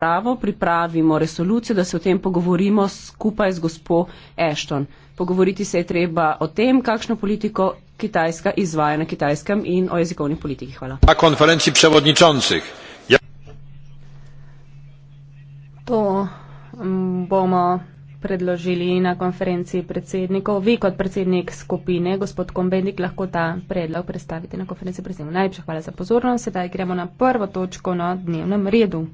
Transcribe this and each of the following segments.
razpravo, pripravimo resolucijo, da se o tem pogovorimo skupaj z gospo Ashton. Pogovoriti se je treba o tem, kakšno politiko Kitajska izvaja na kitajskem in o jezikovni politiki. Hvala. Na konferenci prevodničoncih. Ja. To mm, bomo predložili na konferenci predsednikov. Vi kot predsednik skupine, gospod Kombendik, lahko ta predlog predstavite na konferenci predsednikov. Najlepša hvala za pozornost. Sedaj gremo na prvo točko na dnevnem redu.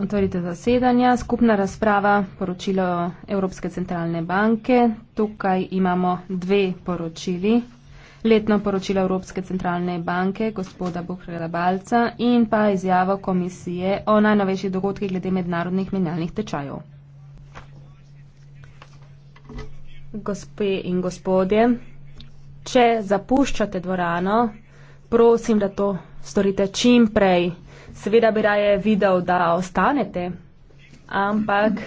Otvorite zasedanja, skupna razprava, poročilo Evropske centralne banke. Tukaj imamo dve poročili. Letno poročilo Evropske centralne banke gospoda Buhreda Balca in pa izjavo komisije o najnovejših dogodkih glede mednarodnih menjalnih tečajev. Gospe in gospodje, če zapuščate dvorano, prosim, da to storite čim prej. Seveda bi raje videl, da ostanete, ampak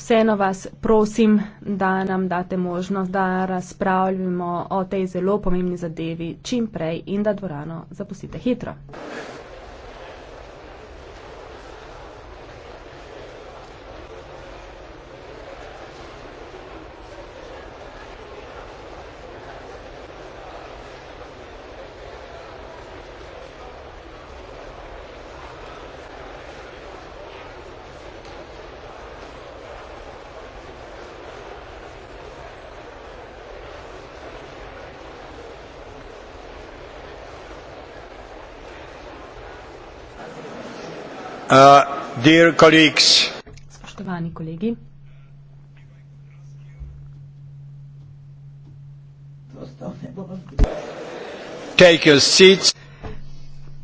vseeno vas prosim, da nam date možnost, da razpravljamo o tej zelo pomembni zadevi čim prej in da dvorano zapustite hitro. Dear colleagues, Spoštovani kolegi, take your seats.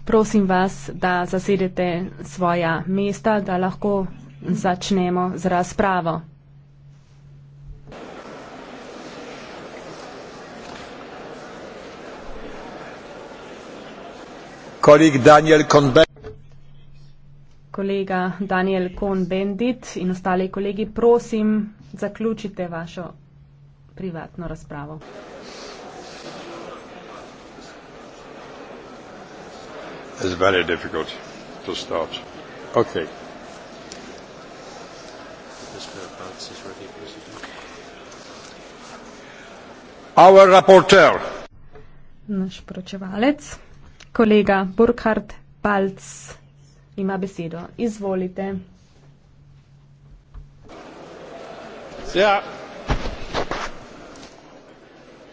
prosim vas, da zasedete svoja mesta, da lahko začnemo z razpravo. Kolik Daniel Konbe kolega Daniel Kohn-Bendit in ostali kolegi, prosim, zaključite vašo privatno razpravo. It's very difficult to start. Okay. Our rapporteur. Naš poročevalec, kolega Burkhard Balc ima besedo. Izvolite. Ja.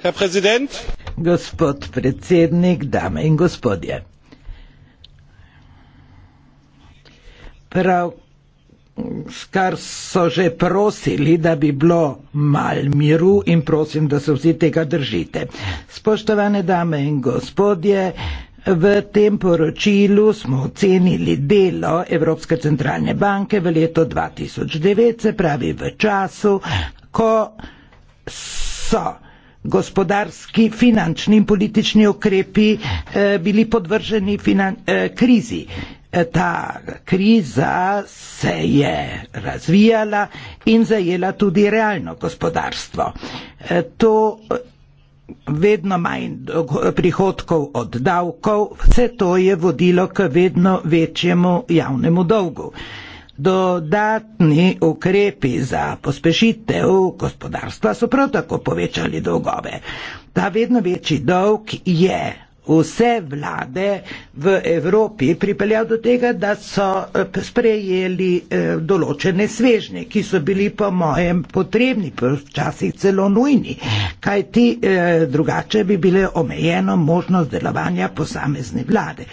Herr Präsident. Gospod predsednik, dame in gospodje. Prav, kar so že prosili, da bi bilo mal miru in prosim, da se vsi tega držite. Spoštovane dame in gospodje, V tem poročilu smo ocenili delo Evropske centralne banke v letu 2009, se pravi v času, ko so gospodarski, finančni in politični ukrepi eh, bili podvrženi finan, eh, krizi. Eh, ta kriza se je razvijala in zajela tudi realno gospodarstvo. Eh, to vedno manj prihodkov od davkov, vse to je vodilo k vedno večjemu javnemu dolgu. Dodatni ukrepi za pospešitev gospodarstva so prav tako povečali dolgove. Ta vedno večji dolg je vse vlade v Evropi pripeljal do tega, da so eh, sprejeli eh, določene svežnje, ki so bili po mojem potrebni, včasih celo nujni, kajti eh, drugače bi bile omejeno možnost delovanja posamezne vlade.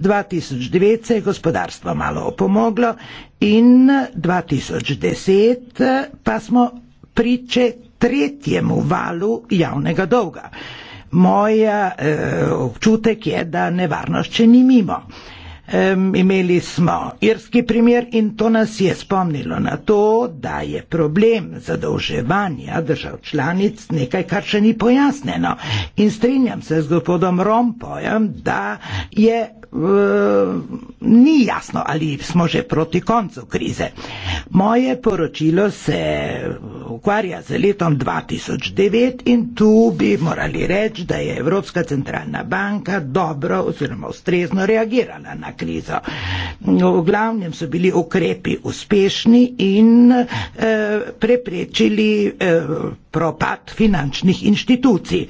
2009 se je gospodarstvo malo opomoglo in 2010 pa smo priče tretjemu valu javnega dolga. Moja e, eh, občutek je, da nevarnost še ni mimo. Um, imeli smo irski primer in to nas je spomnilo na to, da je problem zadolževanja držav članic nekaj, kar še ni pojasneno. In strinjam se z gospodom Rompojem, da je, uh, ni jasno, ali smo že proti koncu krize. Moje poročilo se ukvarja z letom 2009 in tu bi morali reči, da je Evropska centralna banka dobro oziroma ustrezno reagirala na krizo krizo. V glavnem so bili ukrepi uspešni in eh, preprečili eh, propad finančnih inštitucij.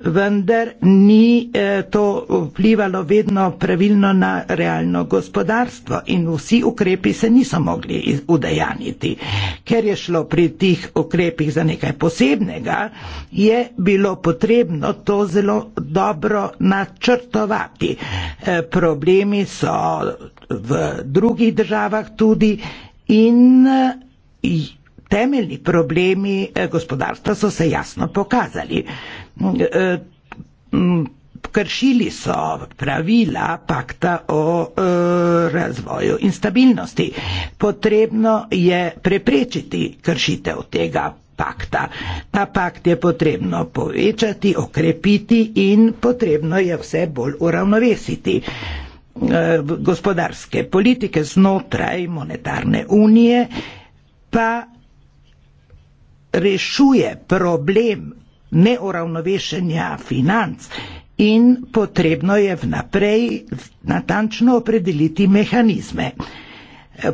Vendar ni eh, to vplivalo vedno pravilno na realno gospodarstvo in vsi ukrepi se niso mogli udejaniti. Ker je šlo pri tih ukrepih za nekaj posebnega, je bilo potrebno to zelo dobro načrtovati. Eh, problemi so v drugih državah tudi in eh, temeljni problemi eh, gospodarstva so se jasno pokazali. Mm, eh, mm, kršili so pravila pakta o eh, razvoju in stabilnosti. Potrebno je preprečiti kršitev tega. Pakta. Ta pakt je potrebno povečati, okrepiti in potrebno je vse bolj uravnovesiti. Gospodarske politike znotraj monetarne unije pa rešuje problem neuravnovešenja financ in potrebno je vnaprej natančno opredeliti mehanizme.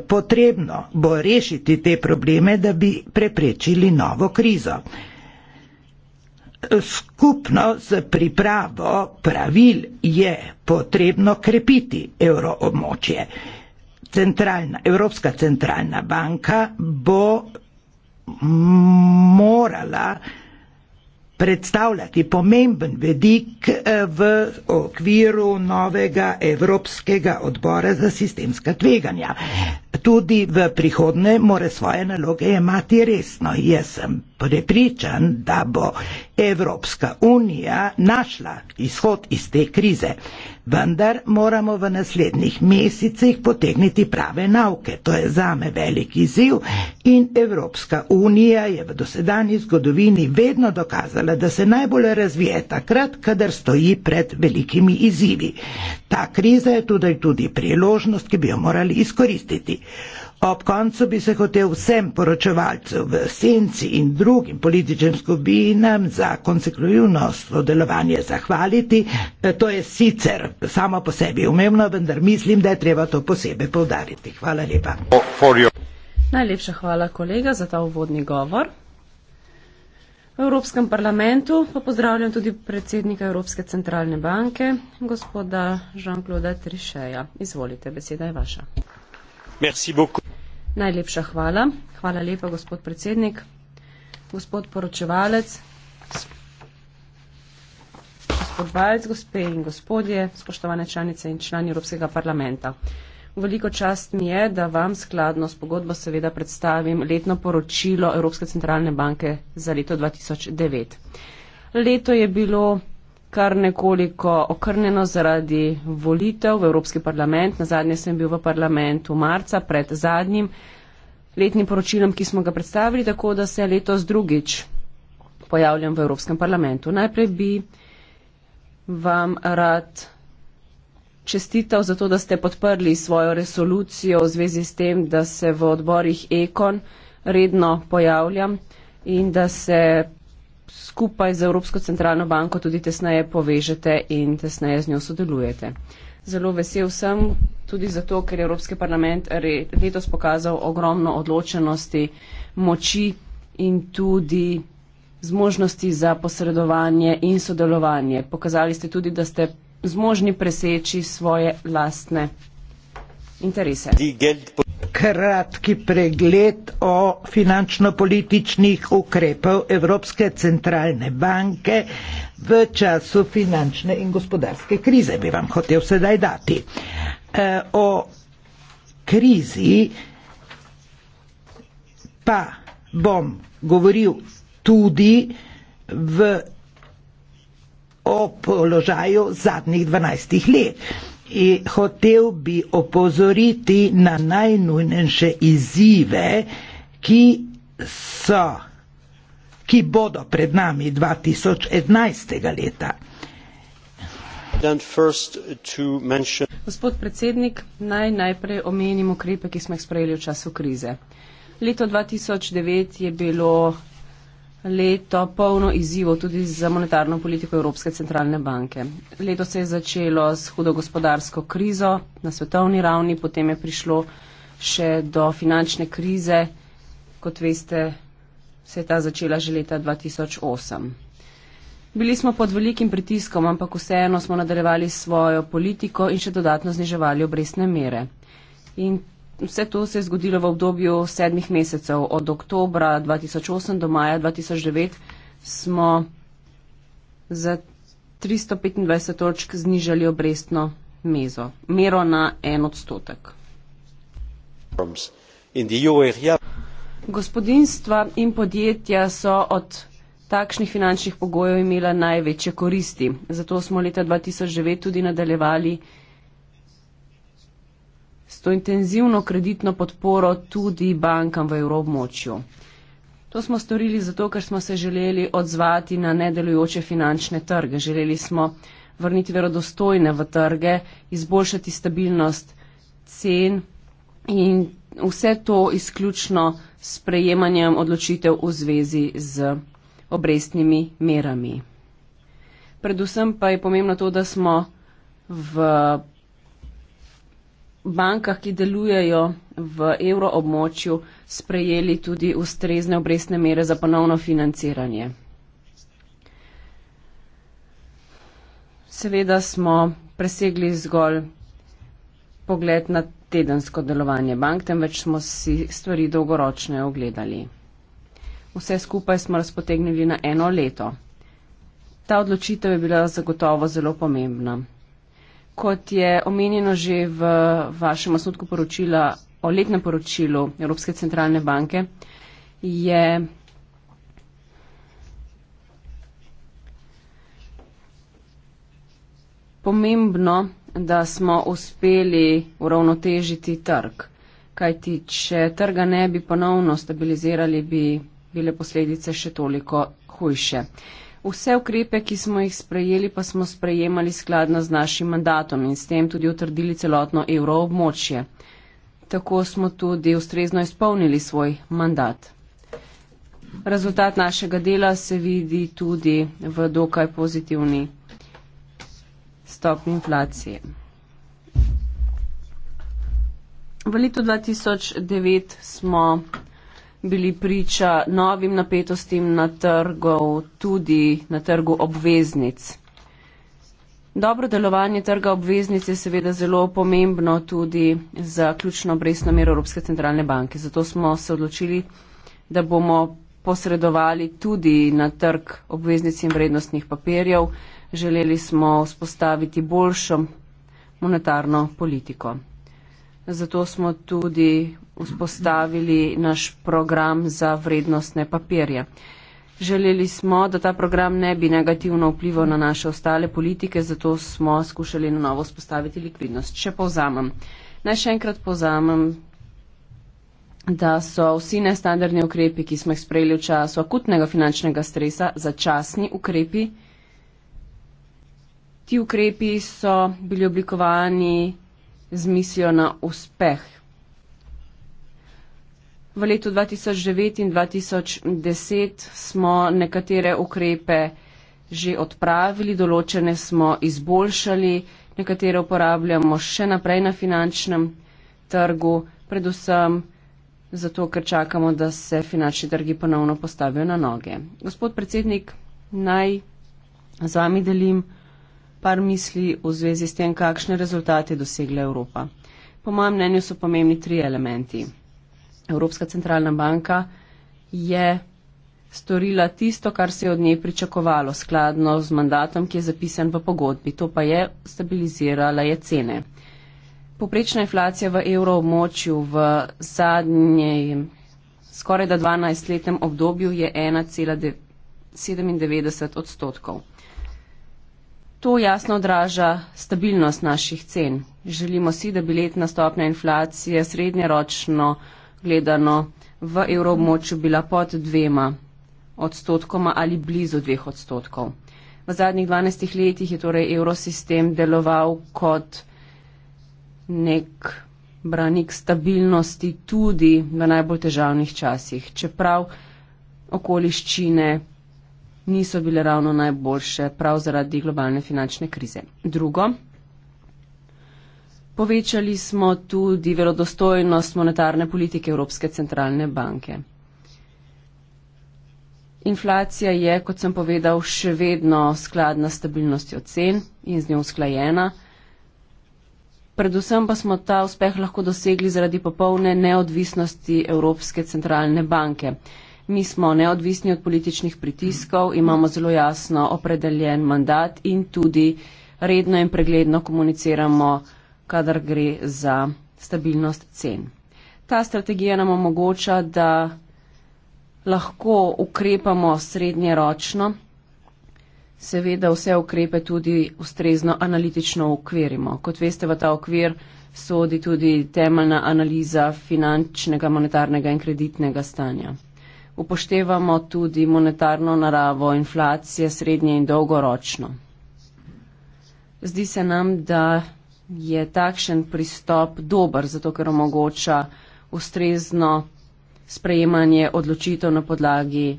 Potrebno bo rešiti te probleme, da bi preprečili novo krizo. Skupno z pripravo pravil je potrebno krepiti evroobmočje. Centralna, Evropska centralna banka bo morala predstavljati pomemben vedik eh, v okviru novega Evropskega odbora za sistemska tveganja. Tudi v prihodnje mora svoje naloge imati resno. Jaz sem prepričan, da bo Evropska unija našla izhod iz te krize. Vendar moramo v naslednjih mesecih potegniti prave nauke. To je zame velik izziv in Evropska unija je v dosedanji zgodovini vedno dokazala, da se najbolj razvije takrat, kadar stoji pred velikimi izzivi. Ta kriza je tudi, tudi priložnost, ki bi jo morali izkoristiti. Ob koncu bi se hotel vsem poročevalcem v senci in drugim političnim skupinam za konsekrujuno sodelovanje zahvaliti. E, to je sicer samo po sebi umevno, vendar mislim, da je treba to posebej povdariti. Hvala lepa. Najlepša hvala, kolega, za ta uvodni govor. V Evropskem parlamentu pa pozdravljam tudi predsednika Evropske centralne banke, gospoda Jean-Claude Trišeja. Izvolite, beseda je vaša. Merci beaucoup. Najlepša hvala. Hvala lepa, gospod predsednik. Gospod poročevalec, gospod Valc, gospe in gospodje, spoštovane članice in člani Evropskega parlamenta. Veliko čast mi je, da vam skladno s pogodbo seveda predstavim letno poročilo Evropske centralne banke za leto 2009. Leto je bilo kar nekoliko okrnjeno zaradi volitev v Evropski parlament. Na zadnje sem bil v parlamentu marca pred zadnjim letnim poročilom, ki smo ga predstavili, tako da se letos drugič pojavljam v Evropskem parlamentu. Najprej bi vam rad čestital za to, da ste podprli svojo resolucijo v zvezi s tem, da se v odborih Ekon redno pojavljam in da se skupaj z Evropsko centralno banko tudi tesneje povežete in tesneje z njo sodelujete. Zelo vesel sem tudi zato, ker je Evropski parlament letos pokazal ogromno odločenosti, moči in tudi zmožnosti za posredovanje in sodelovanje. Pokazali ste tudi, da ste zmožni preseči svoje lastne interese kratki pregled o finančno-političnih ukrepov Evropske centralne banke v času finančne in gospodarske krize bi vam hotel sedaj dati. E, o krizi pa bom govoril tudi v, o položaju zadnjih 12 let in hotel bi opozoriti na najnujnejše izzive, ki so, ki bodo pred nami 2011. leta. Mention... Gospod predsednik, naj najprej omenim ukrepe, ki smo jih sprejeli v času krize. Leto 2009 je bilo leto polno izzivov tudi za monetarno politiko Evropske centralne banke. Leto se je začelo s hudo gospodarsko krizo na svetovni ravni, potem je prišlo še do finančne krize, kot veste, se je ta začela že leta 2008. Bili smo pod velikim pritiskom, ampak vseeno smo nadaljevali svojo politiko in še dodatno zniževali obrestne mere. In Vse to se je zgodilo v obdobju sedmih mesecev, od oktobra 2008 do maja 2009 smo za 325 točk znižali obrestno mezo, mero na en odstotek. Gospodinstva in podjetja so od takšnih finančnih pogojev imela največje koristi, zato smo leta 2009 tudi nadaljevali s to intenzivno kreditno podporo tudi bankam v evroobmočju. To smo storili zato, ker smo se želeli odzvati na nedelujoče finančne trge. Želeli smo vrniti verodostojne v trge, izboljšati stabilnost cen in vse to izključno s prejemanjem odločitev v zvezi z obrestnimi merami. Predvsem pa je pomembno to, da smo v bankah, ki delujejo v evroobmočju, sprejeli tudi ustrezne obrestne mere za ponovno financiranje. Seveda smo presegli zgolj pogled na tedensko delovanje bank, temveč smo si stvari dolgoročne ogledali. Vse skupaj smo razpotegnili na eno leto. Ta odločitev je bila zagotovo zelo pomembna. Kot je omenjeno že v vašem osnutku poročila o letnem poročilu Evropske centralne banke, je pomembno, da smo uspeli uravnotežiti trg. Kajti, če trga ne bi ponovno stabilizirali, bi bile posledice še toliko hujše. Uh, Vse ukrepe, ki smo jih sprejeli, pa smo sprejemali skladno z našim mandatom in s tem tudi utrdili celotno evroobmočje. Tako smo tudi ustrezno izpolnili svoj mandat. Rezultat našega dela se vidi tudi v dokaj pozitivni stopni inflacije. V letu 2009 smo bili priča novim napetostim na trgu, tudi na trgu obveznic. Dobro delovanje trga obveznic je seveda zelo pomembno tudi za ključno obresno mero Evropske centralne banke. Zato smo se odločili, da bomo posredovali tudi na trg obveznic in vrednostnih papirjev. Želeli smo vzpostaviti boljšo monetarno politiko. Zato smo tudi vzpostavili naš program za vrednostne papirje. Želeli smo, da ta program ne bi negativno vplival na naše ostale politike, zato smo skušali na novo vzpostaviti likvidnost. Če povzamem, naj še enkrat povzamem, da so vsi nestandardni ukrepi, ki smo jih sprejeli v času akutnega finančnega stresa, začasni ukrepi. Ti ukrepi so bili oblikovani z mislijo na uspeh V letu 2009 in 2010 smo nekatere ukrepe že odpravili, določene smo izboljšali, nekatere uporabljamo še naprej na finančnem trgu, predvsem zato, ker čakamo, da se finančni trgi ponovno postavijo na noge. Gospod predsednik, naj z vami delim par misli v zvezi s tem, kakšne rezultate je dosegla Evropa. Po mojem mnenju so pomembni tri elementi. Evropska centralna banka je storila tisto, kar se je od nje pričakovalo, skladno z mandatom, ki je zapisan v pogodbi. To pa je stabilizirala je cene. Poprečna inflacija v evroobmočju v zadnjem skoraj da 12-letnem obdobju je 1,97 odstotkov. To jasno odraža stabilnost naših cen. Želimo si, da bi letna stopnja inflacije srednjeročno gledano v evroobmočju bila pod dvema odstotkoma ali blizu dveh odstotkov. V zadnjih dvanajstih letih je torej evrosistem deloval kot nek branik stabilnosti tudi v najbolj težavnih časih, čeprav okoliščine niso bile ravno najboljše prav zaradi globalne finančne krize. Drugo, Povečali smo tudi verodostojnost monetarne politike Evropske centralne banke. Inflacija je, kot sem povedal, še vedno skladna s stabilnostjo cen in z njo usklajena. Predvsem pa smo ta uspeh lahko dosegli zaradi popolne neodvisnosti Evropske centralne banke. Mi smo neodvisni od političnih pritiskov, imamo zelo jasno opredeljen mandat in tudi redno in pregledno komuniciramo kadar gre za stabilnost cen. Ta strategija nam omogoča, da lahko ukrepamo srednjeročno, seveda vse ukrepe tudi ustrezno analitično ukverimo. Kot veste, v ta okvir sodi tudi temeljna analiza finančnega, monetarnega in kreditnega stanja. Upoštevamo tudi monetarno naravo inflacije srednje in dolgoročno. Zdi se nam, da je takšen pristop dober, zato ker omogoča ustrezno sprejemanje odločitev na podlagi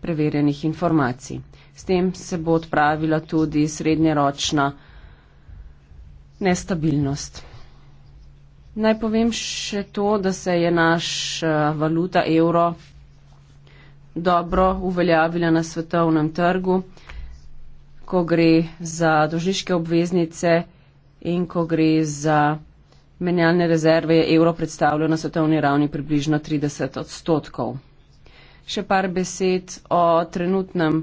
preverjenih informacij. S tem se bo odpravila tudi srednjeročna nestabilnost. Naj povem še to, da se je naš eh, valuta evro dobro uveljavila na svetovnem trgu, ko gre za dožiške obveznice in ko gre za menjalne rezerve, je evro predstavljal na svetovni ravni približno 30 odstotkov. Še par besed o trenutnem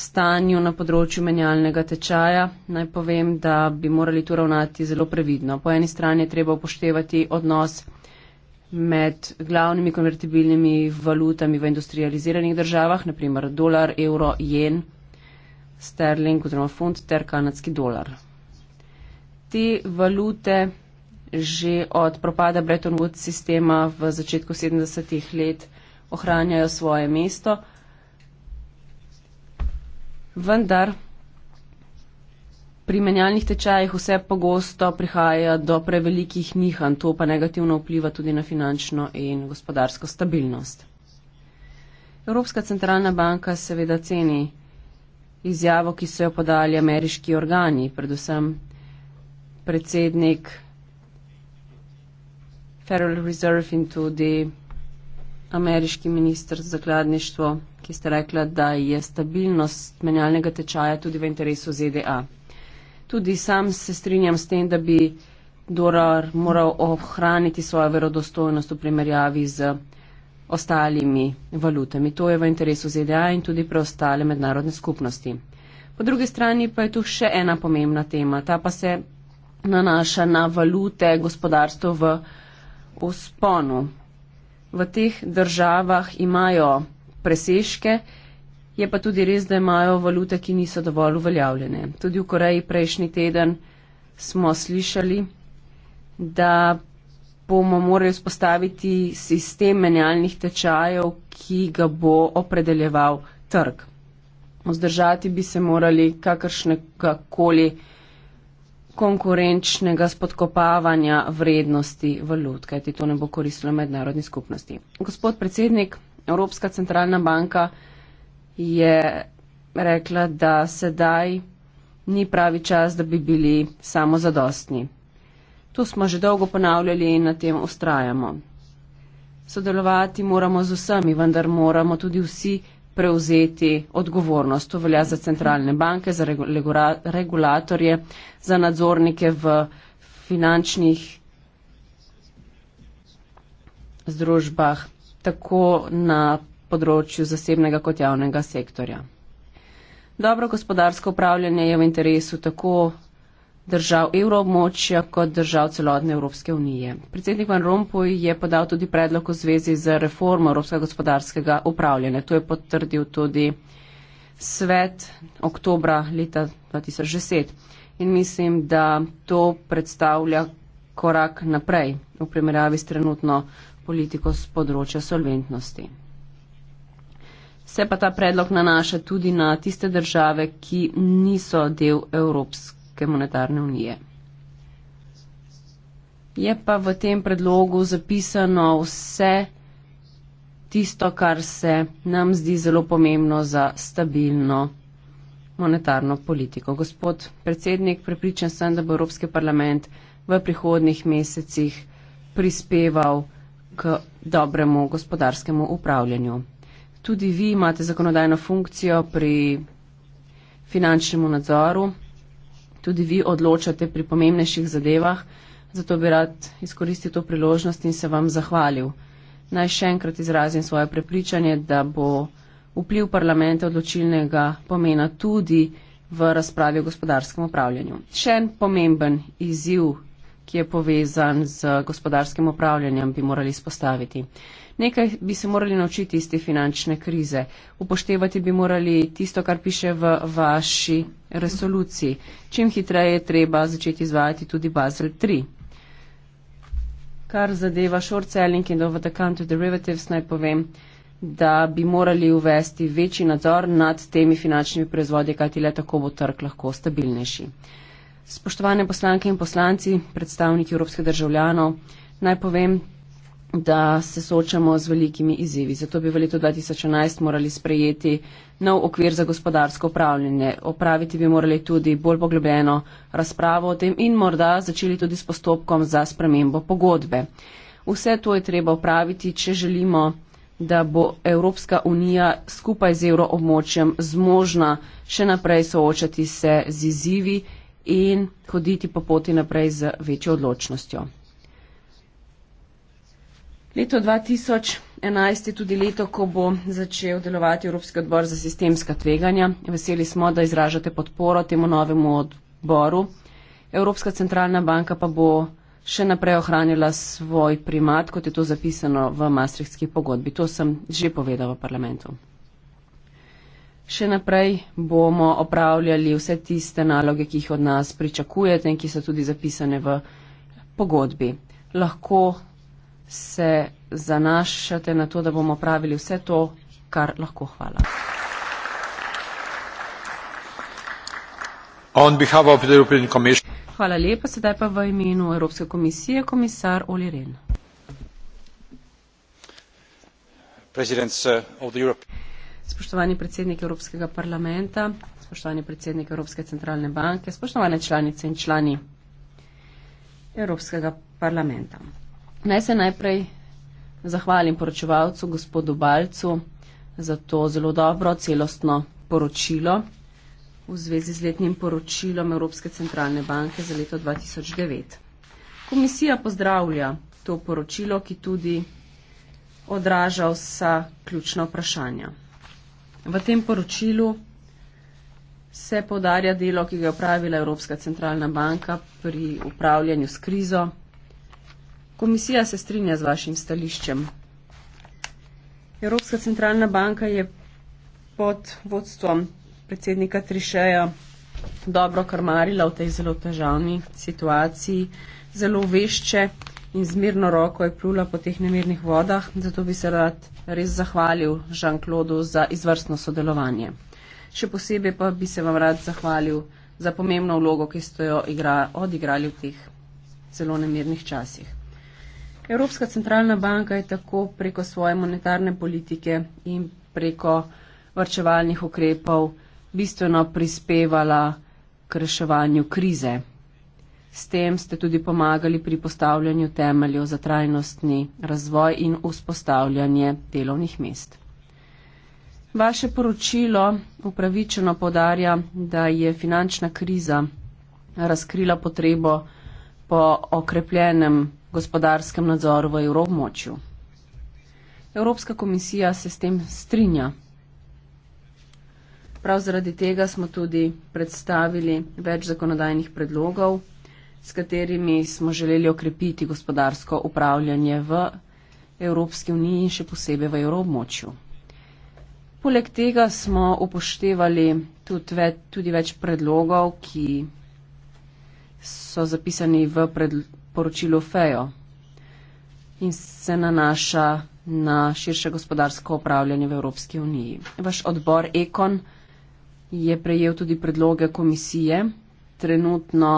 stanju na področju menjalnega tečaja. Naj povem, da bi morali tu ravnati zelo previdno. Po eni strani je treba upoštevati odnos med glavnimi konvertibilnimi valutami v industrializiranih državah, naprimer dolar, evro, jen, sterling oziroma funt ter kanadski dolar te valute že od propada Bretton Woods sistema v začetku 70-ih let ohranjajo svoje mesto. Vendar pri menjalnih tečajih vse pogosto prihaja do prevelikih nihanj, to pa negativno vpliva tudi na finančno in gospodarsko stabilnost. Evropska centralna banka seveda ceni izjavo, ki so jo podali ameriški organi, predvsem predsednik Federal Reserve in tudi ameriški minister za zakladništvo, ki ste rekla, da je stabilnost menjalnega tečaja tudi v interesu ZDA. Tudi sam se strinjam s tem, da bi dolar moral ohraniti svojo verodostojnost v primerjavi z ostalimi valutami. To je v interesu ZDA in tudi preostale mednarodne skupnosti. Po drugi strani pa je tu še ena pomembna tema. Ta pa se nanaša na valute gospodarstvo v usponu. V teh državah imajo presežke, je pa tudi res, da imajo valute, ki niso dovolj uveljavljene. Tudi v Koreji prejšnji teden smo slišali, da bomo morali vzpostaviti sistem menjalnih tečajev, ki ga bo opredeljeval trg. Vzdržati bi se morali kakršnekoli konkurenčnega spodkopavanja vrednosti valut, kajti to ne bo koristilo mednarodni skupnosti. Gospod predsednik, Evropska centralna banka je rekla, da sedaj ni pravi čas, da bi bili samo zadostni. To smo že dolgo ponavljali in na tem ustrajamo. Sodelovati moramo z vsemi, vendar moramo tudi vsi prevzeti odgovornost. To velja za centralne banke, za regula regulatorje, za nadzornike v finančnih združbah, tako na področju zasebnega kot javnega sektorja. Dobro gospodarsko upravljanje je v interesu tako držav evroobmočja kot držav celotne Evropske unije. Predsednik Van Rompuy je podal tudi predlog v zvezi z reformo evropskega gospodarskega upravljanja. To je potrdil tudi svet oktobra leta 2010. In mislim, da to predstavlja korak naprej v primerjavi s trenutno politiko z področja solventnosti. Se pa ta predlog nanaša tudi na tiste države, ki niso del Evropske Evropske monetarne unije. Je pa v tem predlogu zapisano vse tisto, kar se nam zdi zelo pomembno za stabilno monetarno politiko. Gospod predsednik, prepričan sem, da bo Evropski parlament v prihodnih mesecih prispeval k dobremu gospodarskemu upravljanju. Tudi vi imate zakonodajno funkcijo pri finančnemu nadzoru tudi vi odločate pri pomembnejših zadevah, zato bi rad izkoristil to priložnost in se vam zahvalil. Naj še enkrat izrazim svoje prepričanje, da bo vpliv parlamenta odločilnega pomena tudi v razpravi o gospodarskem upravljanju. Še en pomemben izziv, ki je povezan z gospodarskim upravljanjem, bi morali spostaviti. Nekaj bi se morali naučiti iz te finančne krize. Upoštevati bi morali tisto, kar piše v vaši resoluciji. Čim hitreje je treba začeti izvajati tudi Basel 3. Kar zadeva short selling in over the counter derivatives, naj povem, da bi morali uvesti večji nadzor nad temi finančnimi proizvodi, kajti le tako bo trg lahko stabilnejši. Spoštovane poslanke in poslanci, predstavniki evropskih državljanov, naj povem, da se soočamo z velikimi izzivi. Zato bi v letu 2011 morali sprejeti nov okvir za gospodarsko upravljanje. Opraviti bi morali tudi bolj poglobljeno razpravo o tem in morda začeli tudi s postopkom za spremembo pogodbe. Vse to je treba upraviti, če želimo, da bo Evropska unija skupaj z evroobmočjem zmožna še naprej soočati se z izzivi in hoditi po poti naprej z večjo odločnostjo. Leto 2011 je tudi leto, ko bo začel delovati Evropski odbor za sistemska tveganja. Veseli smo, da izražate podporo temu novemu odboru. Evropska centralna banka pa bo še naprej ohranila svoj primat, kot je to zapisano v Maastrichtski pogodbi. To sem že povedal v parlamentu. Še naprej bomo opravljali vse tiste naloge, ki jih od nas pričakujete in ki so tudi zapisane v pogodbi. Lahko se zanašate na to, da bomo pravili vse to, kar lahko hvala. Hvala lepa, sedaj pa v imenu Evropske komisije komisar Oli Ren. Uh, spoštovani predsednik Evropskega parlamenta, spoštovani predsednik Evropske centralne banke, spoštovane članice in člani Evropskega parlamenta. Naj se najprej zahvalim poročevalcu, gospodu Balcu, za to zelo dobro celostno poročilo v zvezi z letnim poročilom Evropske centralne banke za leto 2009. Komisija pozdravlja to poročilo, ki tudi odraža vsa ključna vprašanja. V tem poročilu se podarja delo, ki ga je upravila Evropska centralna banka pri upravljanju s krizo Komisija se strinja z vašim stališčem. Evropska centralna banka je pod vodstvom predsednika Trišeja dobro karmarila v tej zelo težavni situaciji, zelo vešče in zmirno roko je plula po teh nemirnih vodah, zato bi se rad res zahvalil Jean-Claude za izvrstno sodelovanje. Še posebej pa bi se vam rad zahvalil za pomembno vlogo, ki ste jo igra, odigrali v teh zelo nemirnih časih. Evropska centralna banka je tako preko svoje monetarne politike in preko vrčevalnih ukrepov bistveno prispevala k reševanju krize. S tem ste tudi pomagali pri postavljanju temeljev za trajnostni razvoj in vzpostavljanje delovnih mest. Vaše poročilo upravičeno podarja, da je finančna kriza razkrila potrebo po okrepljenem gospodarskem nadzoru v evroobmočju. Evropska komisija se s tem strinja. Prav zaradi tega smo tudi predstavili več zakonodajnih predlogov, s katerimi smo želeli okrepiti gospodarsko upravljanje v Evropski uniji in še posebej v evroobmočju. Poleg tega smo upoštevali tudi več, tudi več predlogov, ki so zapisani v predlogu poročilu Fejo in se nanaša na širše gospodarsko upravljanje v Evropski uniji. Vaš odbor Ekon je prejel tudi predloge komisije. Trenutno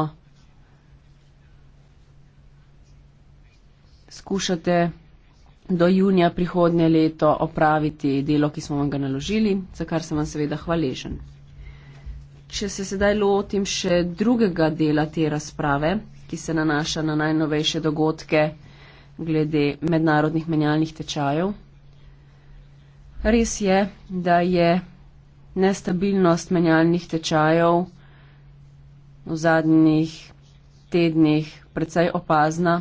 skušate do junija prihodnje leto opraviti delo, ki smo vam ga naložili, za kar sem vam seveda hvaležen. Če se sedaj lotim še drugega dela te razprave, ki se nanaša na najnovejše dogodke glede mednarodnih menjalnih tečajev. Res je, da je nestabilnost menjalnih tečajev v zadnjih tednih precej opazna.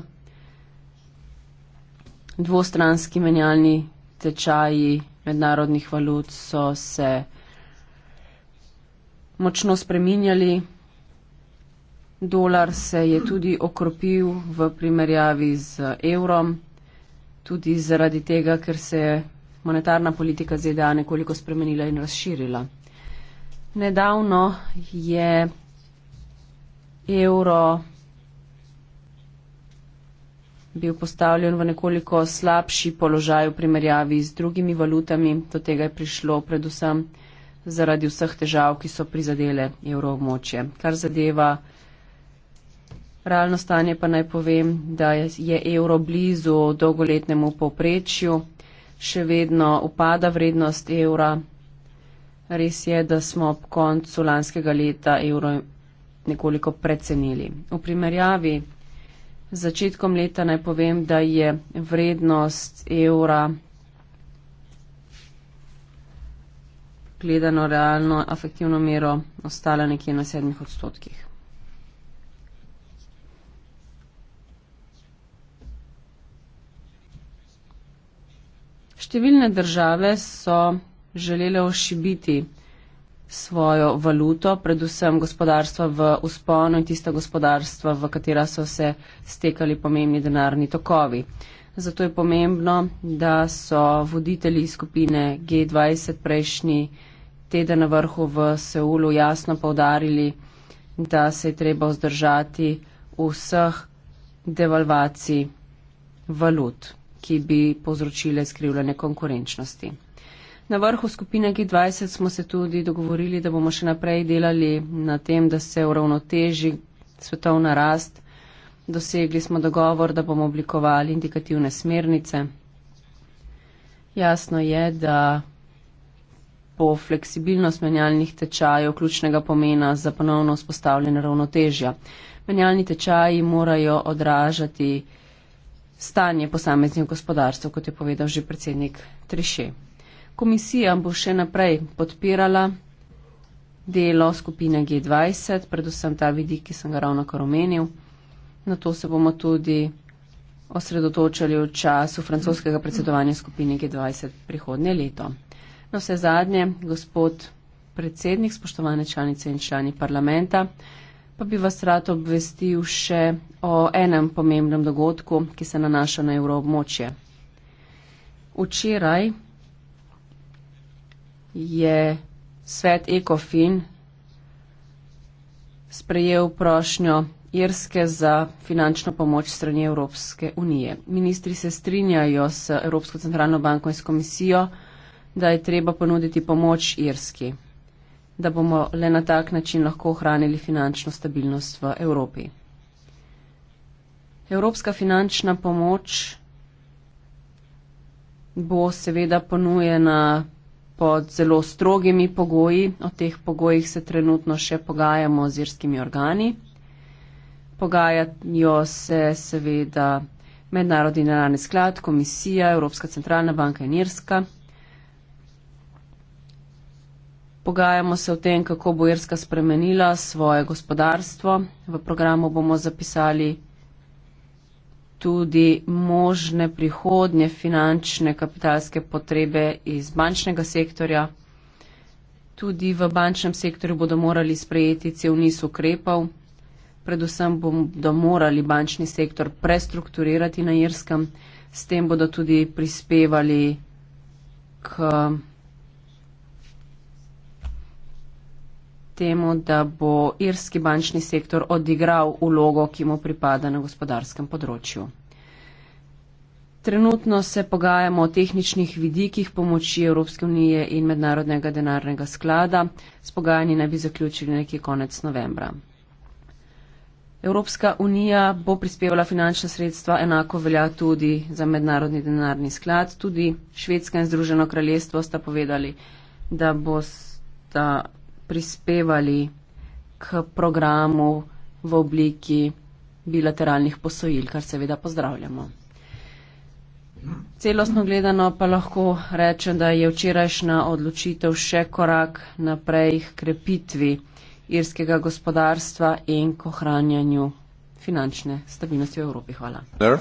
Dvostranski menjalni tečaji mednarodnih valut so se močno spreminjali, Dolar se je tudi okropil v primerjavi z evrom, tudi zaradi tega, ker se je monetarna politika ZDA nekoliko spremenila in razširila. Nedavno je evro bil postavljen v nekoliko slabši položaj v primerjavi z drugimi valutami. Do tega je prišlo predvsem zaradi vseh težav, ki so prizadele evroobmočje. Kar zadeva Realno stanje pa naj povem, da je evro blizu dolgoletnemu povprečju, še vedno upada vrednost evra. Res je, da smo ob koncu lanskega leta evro nekoliko precenili. V primerjavi z začetkom leta naj povem, da je vrednost evra gledano realno, afektivno mero ostala nekje na sedmih odstotkih. Številne države so želele ošibiti svojo valuto, predvsem gospodarstva v usponu in tista gospodarstva, v katera so se stekali pomembni denarni tokovi. Zato je pomembno, da so voditelji skupine G20 prejšnji teden na vrhu v Seulu jasno povdarili, da se je treba vzdržati vseh devalvacij valut ki bi povzročile skrivljene konkurenčnosti. Na vrhu skupine G20 smo se tudi dogovorili, da bomo še naprej delali na tem, da se uravnoteži svetovna rast. Dosegli smo dogovor, da bomo oblikovali indikativne smernice. Jasno je, da bo fleksibilnost menjalnih tečajev ključnega pomena za ponovno vzpostavljanje ravnotežja. Menjalni tečaji morajo odražati stanje posameznih gospodarstv, kot je povedal že predsednik Triše. Komisija bo še naprej podpirala delo skupine G20, predvsem ta vidik, ki sem ga ravno kar omenil. Na to se bomo tudi osredotočali v času francoskega predsedovanja skupine G20 prihodnje leto. Na vse zadnje, gospod predsednik, spoštovane članice in člani parlamenta, pa bi vas rad obvestil še o enem pomembnem dogodku, ki se nanaša na evroobmočje. Včeraj je svet ECOFIN sprejel prošnjo Irske za finančno pomoč strani Evropske unije. Ministri se strinjajo s Evropsko centralno banko in s komisijo, da je treba ponuditi pomoč Irski da bomo le na tak način lahko ohranili finančno stabilnost v Evropi. Evropska finančna pomoč bo seveda ponujena pod zelo strogimi pogoji. O teh pogojih se trenutno še pogajamo z irskimi organi. Pogajajo se seveda Mednarodni naravni sklad, komisija, Evropska centralna banka in Irska. Pogajamo se o tem, kako bo Irska spremenila svoje gospodarstvo. V programu bomo zapisali tudi možne prihodnje finančne kapitalske potrebe iz bančnega sektorja. Tudi v bančnem sektorju bodo morali sprejeti cel niz ukrepov. Predvsem bodo morali bančni sektor prestrukturirati na Irskem. S tem bodo tudi prispevali k temu, da bo irski bančni sektor odigral ulogo, ki mu pripada na gospodarskem področju. Trenutno se pogajamo o tehničnih vidikih pomoči Evropske unije in Mednarodnega denarnega sklada. Spogajanje naj bi zaključili nekje konec novembra. Evropska unija bo prispevala finančna sredstva, enako velja tudi za Mednarodni denarni sklad. Tudi Švedska in Združeno kraljestvo sta povedali, da bo sta prispevali k programu v obliki bilateralnih posojil, kar seveda pozdravljamo. Celostno gledano pa lahko rečem, da je včerajšnja odločitev še korak naprej k krepitvi irskega gospodarstva in k ohranjanju finančne stabilnosti v Evropi. Hvala. There.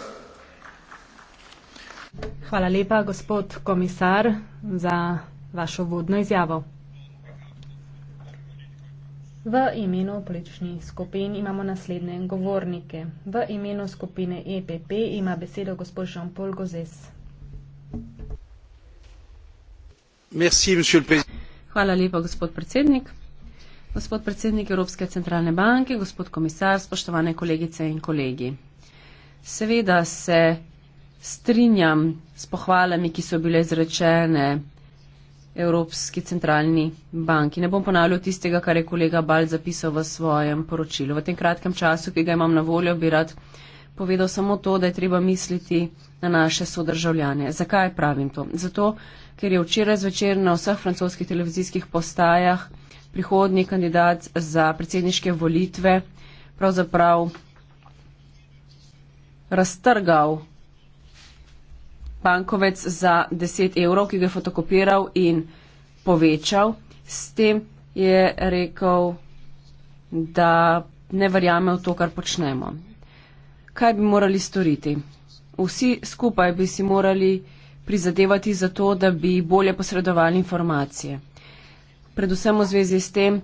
Hvala lepa, gospod komisar, za vašo vodno izjavo. V imenu političnih skupin imamo naslednje govornike. V imenu skupine EPP ima besedo gospod Jean-Paul Gozes. Hvala lepa, gospod predsednik. Gospod predsednik Evropske centralne banke, gospod komisar, spoštovane kolegice in kolegi. Seveda se strinjam s pohvalami, ki so bile izrečene Evropski centralni banki. Ne bom ponavljal tistega, kar je kolega Bal zapisal v svojem poročilu. V tem kratkem času, ki ga imam na voljo, bi rad povedal samo to, da je treba misliti na naše sodržavljane. Zakaj pravim to? Zato, ker je včeraj zvečer na vseh francoskih televizijskih postajah prihodni kandidat za predsedniške volitve pravzaprav raztrgal bankovec za 10 evrov, ki ga je fotokopiral in povečal. S tem je rekel, da ne verjame v to, kar počnemo. Kaj bi morali storiti? Vsi skupaj bi si morali prizadevati za to, da bi bolje posredovali informacije. Predvsem v zvezi s tem,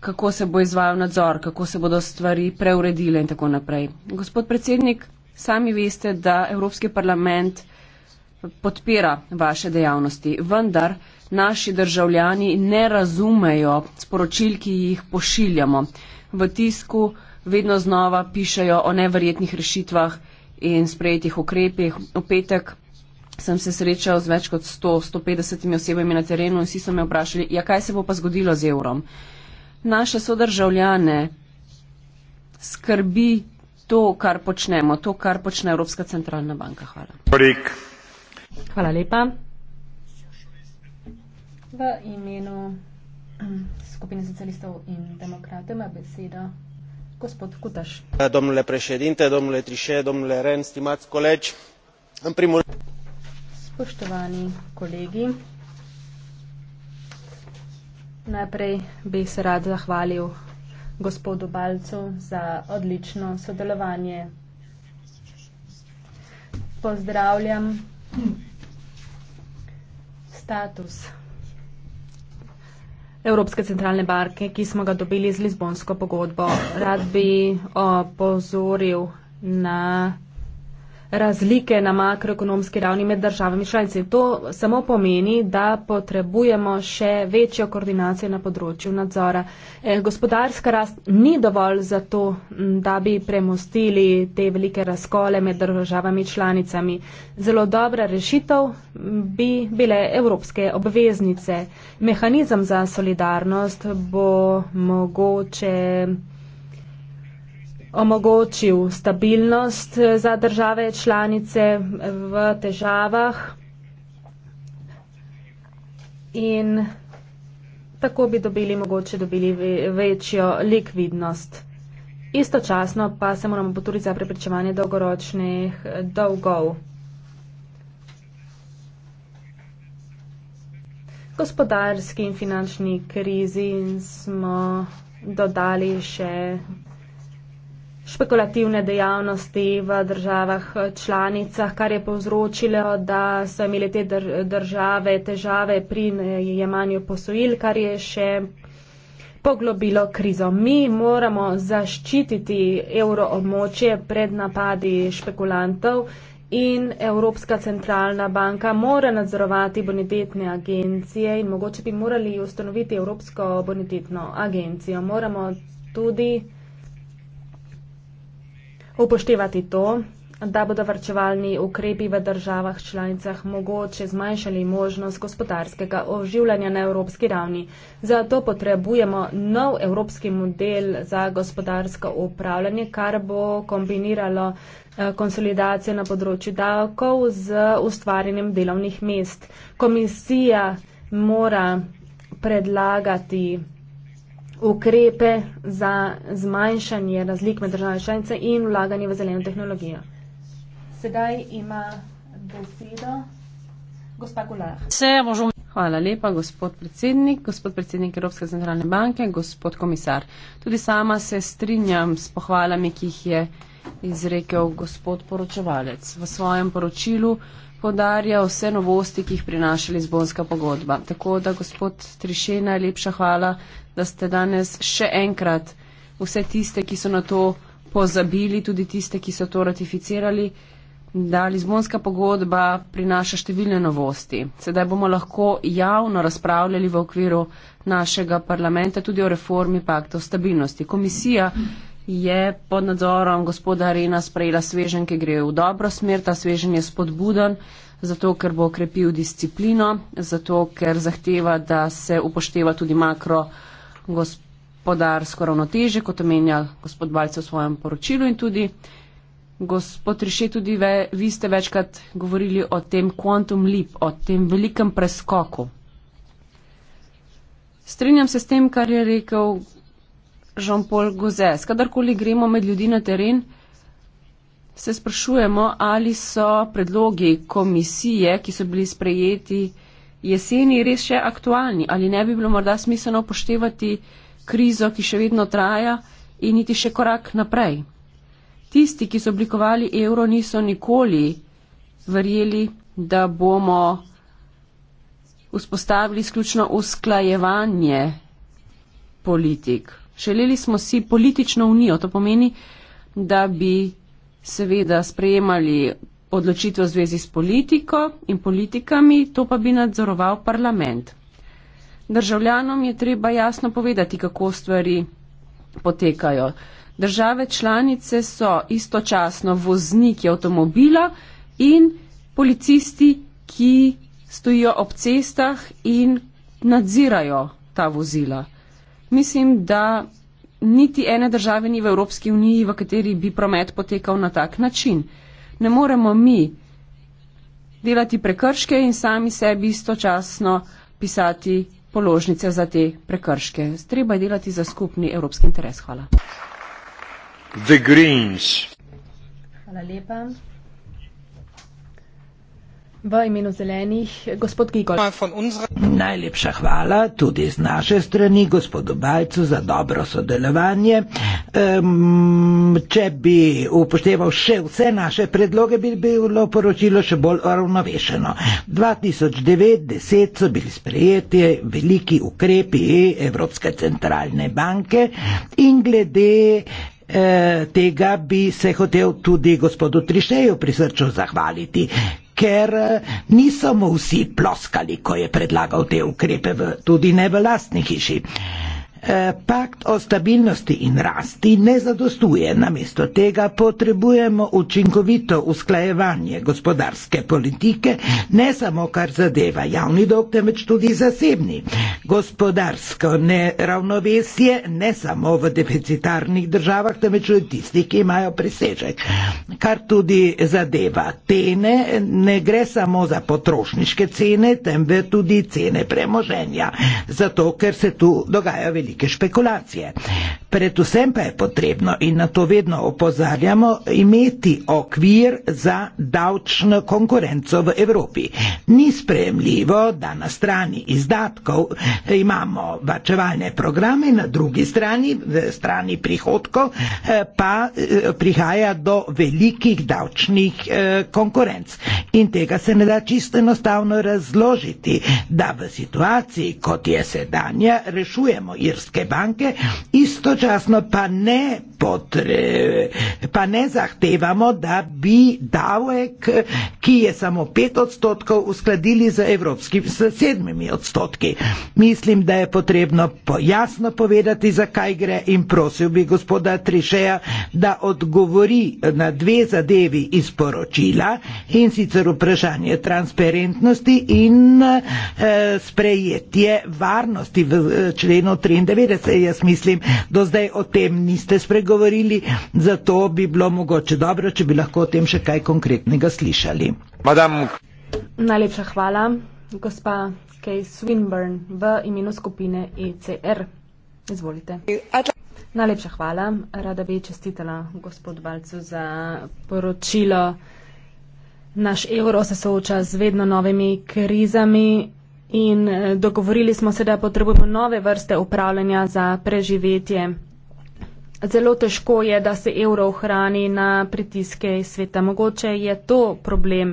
kako se bo izvajal nadzor, kako se bodo stvari preuredile in tako naprej. Gospod predsednik, sami veste, da Evropski parlament podpira vaše dejavnosti, vendar naši državljani ne razumejo sporočil, ki jih pošiljamo. V tisku vedno znova pišajo o neverjetnih rešitvah in sprejetih ukrepih. V petek sem se srečal z več kot 100-150 osebami na terenu in vsi so me vprašali, ja kaj se bo pa zgodilo z evrom. Naše sodržavljane skrbi to, kar počnemo, to, kar počne Evropska centralna banka. Hvala. Break. Hvala lepa. V imenu mm, skupine socialistov in demokratov ima besedo gospod Kutaš. Ja, domnule prešedinte, domnule Triše, domnule Ren, stimac koleč. Primor... Spoštovani kolegi, najprej bi se rad zahvalil gospodu Balcu za odlično sodelovanje. Pozdravljam. Hm status. Evropske centralne banke, ki smo ga dobili z Lizbonsko pogodbo. Rad bi opozoril na razlike na makroekonomski ravni med državami članice. To samo pomeni, da potrebujemo še večjo koordinacijo na področju nadzora. Eh, gospodarska rast ni dovolj za to, da bi premostili te velike razkole med državami članicami. Zelo dobra rešitev bi bile evropske obveznice. Mehanizem za solidarnost bo mogoče omogočil stabilnost eh, za države članice eh, v težavah in tako bi dobili, mogoče dobili večjo likvidnost. Istočasno pa se moramo potruditi za preprečevanje dolgoročnih eh, dolgov. gospodarski in finančni krizi in smo dodali še špekulativne dejavnosti v državah članicah, kar je povzročilo, da so imeli te države težave pri jemanju posojil, kar je še poglobilo krizo. Mi moramo zaščititi euroobmočje pred napadi špekulantov in Evropska centralna banka mora nadzorovati bonitetne agencije in mogoče bi morali ustanoviti Evropsko bonitetno agencijo. Moramo tudi upoštevati to, da bodo varčevalni ukrepi v državah članicah mogoče zmanjšali možnost gospodarskega oživljanja na evropski ravni. Zato potrebujemo nov evropski model za gospodarsko upravljanje, kar bo kombiniralo eh, konsolidacijo na področju davkov z ustvarjanjem delovnih mest. Komisija mora predlagati ukrepe za zmanjšanje razlik med države članice in vlaganje v zeleno tehnologijo. Sedaj ima besedo gospa Gular. Hvala lepa, gospod predsednik, gospod predsednik Evropske centralne banke, gospod komisar. Tudi sama se strinjam s pohvalami, ki jih je izrekel gospod poročevalec. V svojem poročilu podarja vse novosti, ki jih prinaša Lizbonska pogodba. Tako da, gospod Trišej, najlepša hvala, da ste danes še enkrat vse tiste, ki so na to pozabili, tudi tiste, ki so to ratificirali, da Lizbonska pogodba prinaša številne novosti. Sedaj bomo lahko javno razpravljali v okviru našega parlamenta tudi o reformi pakta o stabilnosti. Komisija. Mm -hmm je pod nadzorom gospoda Arena sprejela svežen, ki gre v dobro smer. Ta svežen je spodbuden, zato ker bo okrepil disciplino, zato ker zahteva, da se upošteva tudi makro gospodarsko ravnoteže, kot omenja gospod Balce v svojem poročilu in tudi gospod Riše, tudi ve, vi ste večkrat govorili o tem quantum leap, o tem velikem preskoku. Strinjam se s tem, kar je rekel Jean-Paul Gauze. Kadarkoli gremo med ljudi na teren, se sprašujemo, ali so predlogi komisije, ki so bili sprejeti jeseni, res še aktualni, ali ne bi bilo morda smiselno upoštevati krizo, ki še vedno traja in niti še korak naprej. Tisti, ki so oblikovali evro, niso nikoli verjeli, da bomo vzpostavili izključno usklajevanje politik. Želeli smo si politično unijo, to pomeni, da bi seveda sprejemali odločitve v zvezi s politiko in politikami, to pa bi nadzoroval parlament. Državljanom je treba jasno povedati, kako stvari potekajo. Države članice so istočasno vozniki avtomobila in policisti, ki stojijo ob cestah in nadzirajo ta vozila. Mislim, da niti ene države ni v Evropski uniji, v kateri bi promet potekal na tak način. Ne moremo mi delati prekrške in sami sebi istočasno pisati položnice za te prekrške. Treba je delati za skupni evropski interes. Hvala. Hvala lepa. V imenu zelenih, gospod Gigol. Najlepša hvala tudi z naše strani, gospodu Bajcu, za dobro sodelovanje. Um, če bi upošteval še vse naše predloge, bi bilo poročilo še bolj uravnovešeno. 2009-2010 so bili sprejeti veliki ukrepi Evropske centralne banke in glede. Eh, tega bi se hotel tudi gospodu Trišeju pri srcu zahvaliti, ker eh, niso mu vsi ploskali, ko je predlagal te ukrepe, tudi ne v lastni hiši. Eh, pakt o stabilnosti in rasti ne zadostuje, namesto tega potrebujemo učinkovito usklajevanje gospodarske politike, ne samo kar zadeva javni dolg, temveč tudi zasebni. Gospodarsko neravnovesje ne samo v deficitarnih državah, temveč tudi tistih, ki imajo presežek. Kar tudi zadeva cene, ne gre samo za potrošniške cene, temveč tudi cene premoženja, zato ker se tu dogaja veliko velike špekulacije. Predvsem pa je potrebno, in na to vedno opozarjamo, imeti okvir za davčno konkurenco v Evropi. Ni sprejemljivo, da na strani izdatkov eh, imamo vačevalne programe, na drugi strani, strani prihodkov, eh, pa eh, prihaja do velikih davčnih konkurenc. In tega se ne da čisto enostavno razložiti, da v situaciji, kot je sedanja, rešujemo. Ir Evropske banke, istočasno pa ne, potre, pa ne zahtevamo, da bi davek, ki je samo pet odstotkov, uskladili z evropskim, s sedmimi odstotki. Mislim, da je potrebno jasno povedati, zakaj gre in prosil bi gospoda Trišeja, da odgovori na dve zadevi iz poročila in sicer vprašanje transparentnosti in e, sprejetje varnosti v eh, členu 30. 90, jaz mislim, do zdaj o tem niste spregovorili, zato bi bilo mogoče dobro, če bi lahko o tem še kaj konkretnega slišali. Madam. Najlepša hvala, gospa Kay Swinburne v imenu skupine ECR. Izvolite. Najlepša hvala, rada bi čestitela gospod Valcu za poročilo. Naš evro se sooča z vedno novimi krizami. In eh, dogovorili smo se, da potrebujemo nove vrste upravljanja za preživetje. Zelo težko je, da se evro ohrani na pritiske sveta. Mogoče je to problem.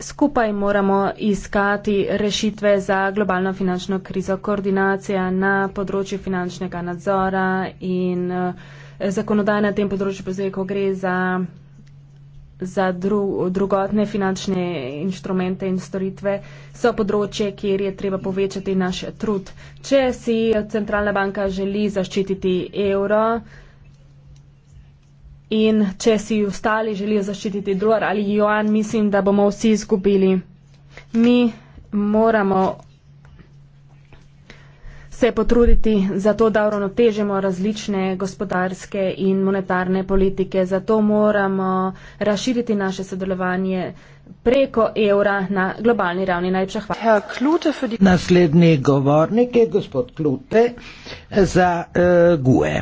Skupaj moramo iskati rešitve za globalno finančno krizo. Koordinacija na področju finančnega nadzora in eh, zakonodaj na tem področju, ko gre za za dru, drugotne finančne inštrumente in storitve, so področje, kjer je treba povečati naš trud. Če si centralna banka želi zaščititi evro in če si ostali želijo zaščititi dolar ali juan, mislim, da bomo vsi izgubili. Mi moramo se potruditi za to, da uravnotežemo različne gospodarske in monetarne politike. Zato moramo razširiti naše sodelovanje preko evra na globalni ravni. Najlepša hvala. Naslednji govornik je gospod Klute za uh, GUE.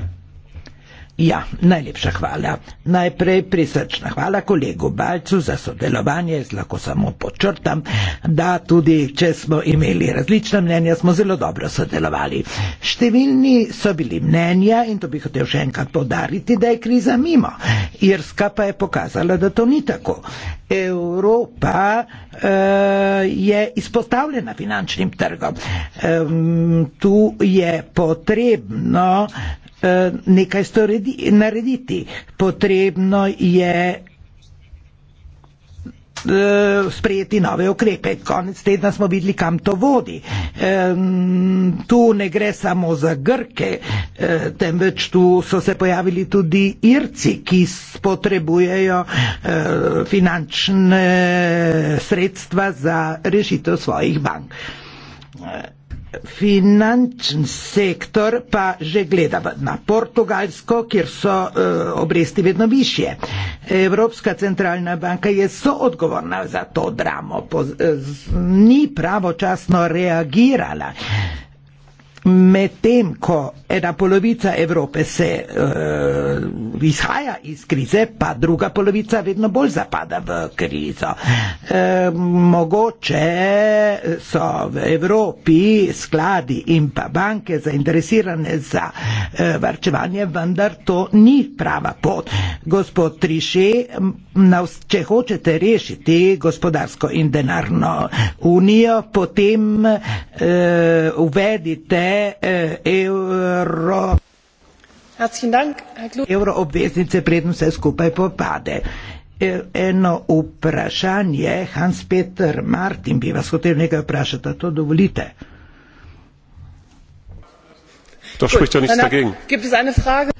Ja, najlepša hvala. Najprej prisrčna hvala kolegu Balcu za sodelovanje, z lahko samo počrtam, da tudi če smo imeli različna mnenja, smo zelo dobro sodelovali. Številni so bili mnenja in to bi hotel še enkrat podariti, da je kriza mimo. Irska pa je pokazala, da to ni tako. Evropa e, je izpostavljena finančnim trgom. E, tu je potrebno Eh, nekaj storedi, narediti. Potrebno je eh, sprejeti nove okrepe. Konec tedna smo videli, kam to vodi. Tu ne gre samo za Grke, eh, temveč tu so se pojavili tudi Irci, ki potrebujejo finančne sredstva za rešitev svojih bank finančni sektor pa že gleda na Portugalsko, kjer so uh, obresti vedno više. Evropska centralna banka je soodgovorna za to dramo, poz, uh, z, ni pravočasno reagirala. Uh, medtem ko ena polovica Evrope se uh, izhaja iz krize, pa druga polovica vedno bolj zapada v krizo. Uh, mogoče so v Evropi skladi in pa banke zainteresirane za uh, varčevanje, vendar to ni prava pot. Gospod Triše, če hočete rešiti gospodarsko in denarno unijo, potem uh, uvedite euro euroobveznice preden vse skupaj popade. E, eno vprašanje, Hans Peter Martin, bi vas hotel nekaj vprašati, to dovolite. To spricht ja nichts dagegen. Gibt es eine Frage?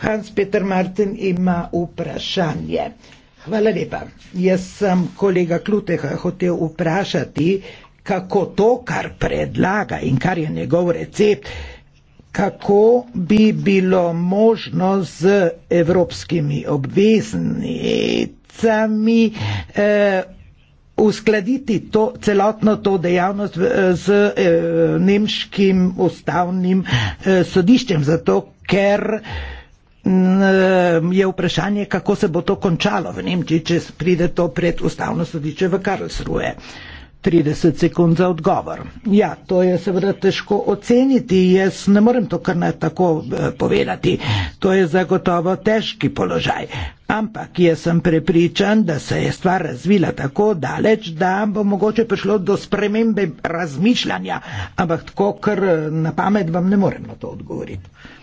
Hans Peter Martin ima vprašanje. Hvala lepa. Jaz sem kolega Kluteha hotel vprašati, kako to, kar predlaga in kar je njegov recept, kako bi bilo možno z evropskimi obveznicami eh, uskladiti to, celotno to dejavnost eh, z eh, nemškim ustavnim eh, sodiščem, zato ker mm, eh, je vprašanje, kako se bo to končalo v Nemčiji, če pride to pred ustavno sodiče v Karlsruhe. Uh, 30 sekund za odgovor. Ja, to je seveda težko oceniti, jaz ne morem to kar ne tako eh, povedati. To je zagotovo težki položaj. Ampak jaz sem prepričan, da se je stvar razvila tako daleč, da bo mogoče prišlo do spremembe razmišljanja. Ampak tako, ker eh, na pamet vam ne morem na to odgovoriti.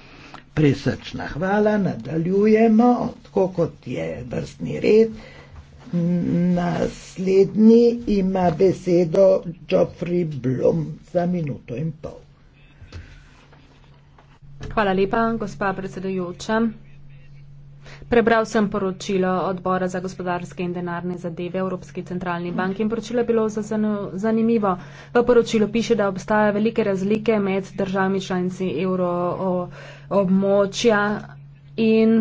Prisrčna hvala, nadaljujemo, tako kot je vrstni red. Naslednji ima besedo Geoffrey Blum za minuto in pol. Hvala lepa, gospa predsedujoča. Prebral sem poročilo odbora za gospodarske in denarne zadeve Evropske centralne banke in poročilo je bilo zanimivo. V poročilu piše, da obstaja velike razlike med državami članici evroobmočja in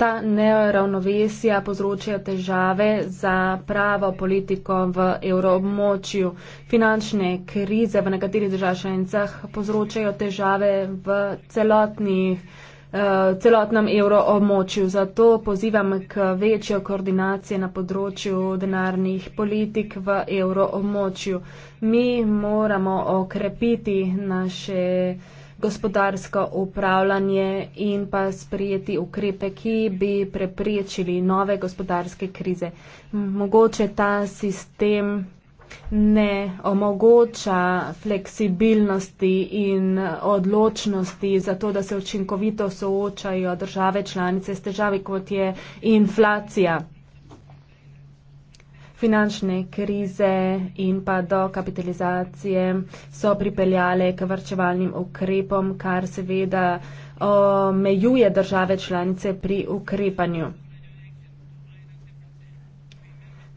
ta neravnovesja povzročajo težave za pravo politiko v evroobmočju. Finančne krize v nekaterih držav šencah povzročajo težave v celotnih eh, celotnem evroobmočju. Zato pozivam k večjo koordinacijo na področju denarnih politik v evroobmočju. Mi moramo okrepiti naše gospodarsko upravljanje in pa sprijeti ukrepe, ki bi preprečili nove gospodarske krize. Mogoče ta sistem ne omogoča fleksibilnosti in odločnosti za to, da se učinkovito soočajo države članice s težavami, kot je inflacija finančne krize in pa do kapitalizacije so pripeljale k vrčevalnim ukrepom, kar seveda omejuje države članice pri ukrepanju.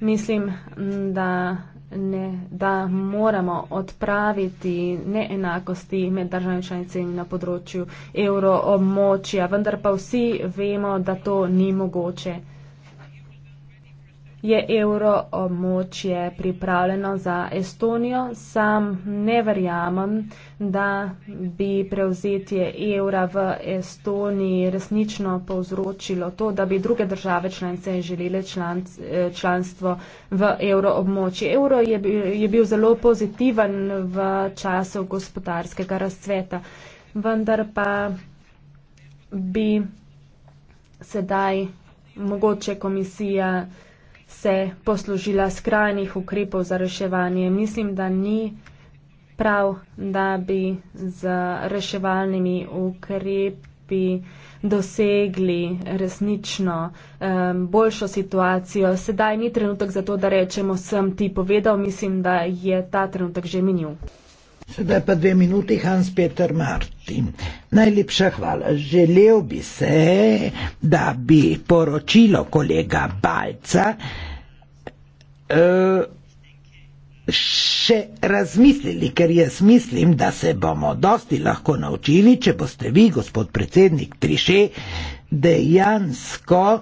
Mislim, da, ne, da moramo odpraviti neenakosti med državami članicami na področju evroobmočja, vendar pa vsi vemo, da to ni mogoče je evroobmočje pripravljeno za Estonijo. Sam ne verjamem, da bi prevzetje evra v Estoniji resnično povzročilo to, da bi druge države članice želele član, eh, članstvo v evroobmočje. Euro je, je bil zelo pozitiven v času gospodarskega razcveta, vendar pa bi sedaj mogoče komisija se poslužila skrajnih ukrepov za reševanje. Mislim, da ni prav, da bi z reševalnimi ukrepi dosegli resnično um, boljšo situacijo. Sedaj ni trenutek za to, da rečemo, sem ti povedal, mislim, da je ta trenutek že minil. Sedaj pa dve minuti, Hans Peter Martin. Najlepša hvala. Želel bi se, da bi poročilo kolega Balca eh, še razmislili, ker jaz mislim, da se bomo dosti lahko naučili, če boste vi, gospod predsednik Triše, dejansko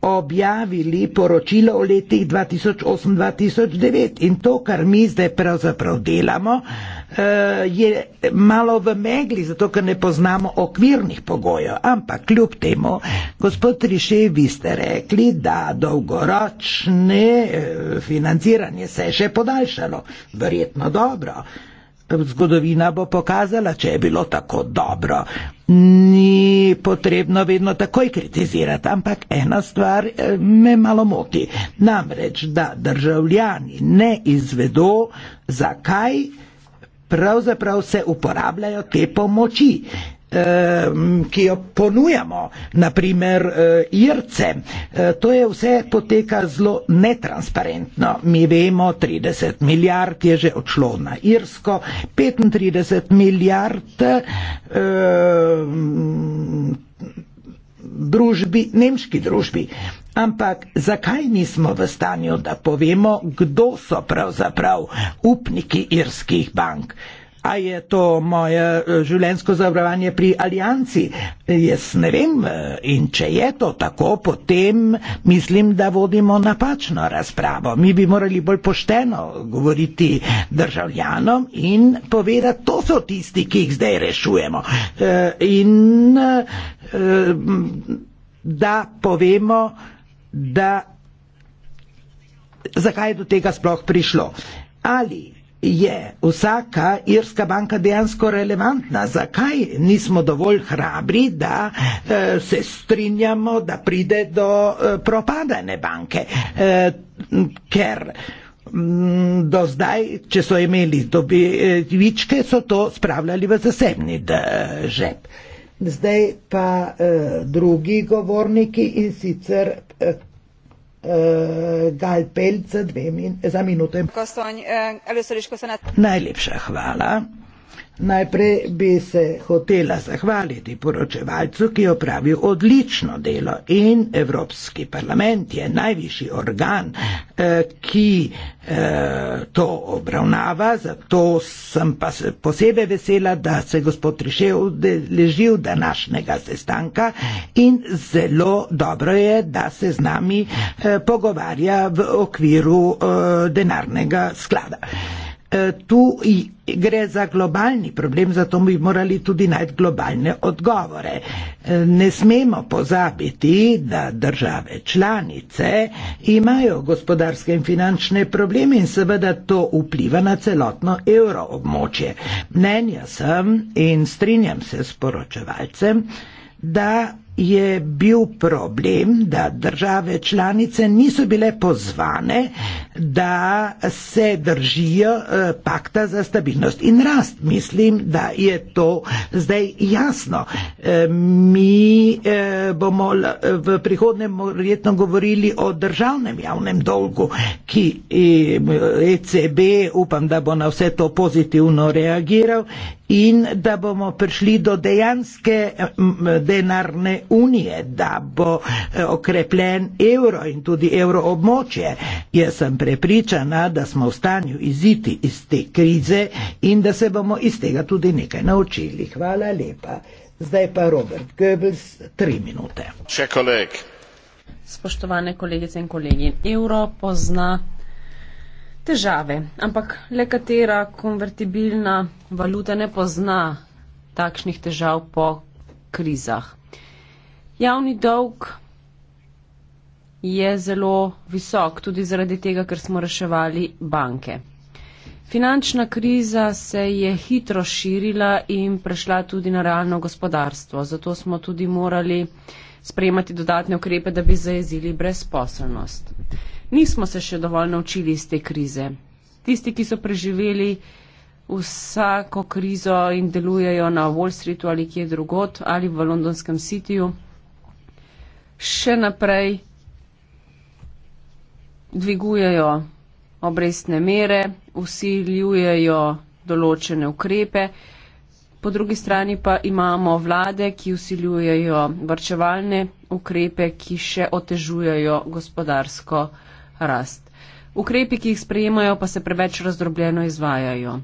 objavili poročilo o letih 2008-2009 in to, kar mi zdaj pravzaprav delamo, Eh, je malo v megli, zato ker ne poznamo okvirnih pogojev. Ampak kljub temu, gospod Triše, vi ste rekli, da dolgoročne eh, financiranje se je še podaljšalo. Verjetno dobro. Zgodovina bo pokazala, če je bilo tako dobro. Ni potrebno vedno takoj kritizirati, ampak ena stvar eh, me malo moti. Namreč, da državljani ne izvedo, zakaj pravzaprav se uporabljajo te pomoči. Ki jo ponujamo, naprimer e, Irce. E, to je vse poteka zelo netransparentno. Mi vemo, 30 milijard je že odšlo na Irsko, 35 milijard eh, družbi, nemški družbi. Ampak zakaj nismo v stanju, da povemo, kdo so pravzaprav upniki irskih bank? A je to moje eh, življensko zavarovanje pri Alianci? Jaz ne vem. Eh, in če je to tako, potem mislim, da vodimo napačno razpravo. Mi bi morali bolj pošteno govoriti državljanom in povedati, to so tisti, ki jih zdaj rešujemo. Eh, in da povemo, da zakaj je do tega sploh prišlo. Ali je vsaka irska banka dejansko relevantna, zakaj nismo dovolj hrabri, da e, se strinjamo, da pride do e, eh, propadane banke. E, ker mm, do zdaj, če so imeli dobičke, so to spravljali v zasebni žep. Zdaj pa eh, drugi govorniki in sicer eh, eh, Gal Pelc min za minuto. Eh, Najlepša hvala. Najprej bi se hotela zahvaliti poročevalcu, ki je opravil odlično delo in Evropski parlament je najvišji organ, eh, ki eh, to obravnava. Zato sem pa posebej vesela, da se gospod Trišev ležil današnjega sestanka in zelo dobro je, da se z nami eh, pogovarja v okviru denarnega sklada. Eh, tu gre za globalni problem, zato bi morali tudi najti globalne odgovore. Eh, ne smemo pozabiti, da države članice imajo gospodarske in finančne probleme in seveda to vpliva na celotno evroobmočje. Mnenja sem in strinjam se s poročevalcem, da je bil problem, da države članice niso bile pozvane, da se držijo eh, pakta za stabilnost in rast. Mislim, da je to zdaj jasno. Eh, mi eh, bomo v prihodnem verjetno govorili o državnem javnem dolgu, ki eh, ECB upam, da bo na vse to pozitivno reagiral in da bomo prišli do dejanske denarne unije, da bo eh, okrepljen evro in tudi evro območje. Jaz sem prepričana, da smo v stanju iziti iz te krize in da se bomo iz tega tudi nekaj naučili. Hvala lepa. Zdaj pa Robert Goebbels, tri minute. Še koleg. Spoštovane kolegice in kolegi, evro pozna težave, ampak le katera konvertibilna valuta ne pozna takšnih težav po krizah. Javni dolg je zelo visok, tudi zaradi tega, ker smo reševali banke. Finančna kriza se je hitro širila in prešla tudi na realno gospodarstvo. Zato smo tudi morali sprejemati dodatne ukrepe, da bi zajezili brezposelnost. Nismo se še dovolj naučili iz te krize. Tisti, ki so preživeli vsako krizo in delujejo na Wall Streetu ali kje drugot ali v londonskem sitiju, še naprej dvigujejo obrestne mere, usiljujejo določene ukrepe. Po drugi strani pa imamo vlade, ki usiljujejo vrčevalne ukrepe, ki še otežujejo gospodarsko rast. Ukrepi, ki jih sprejemajo, pa se preveč razdrobljeno izvajajo.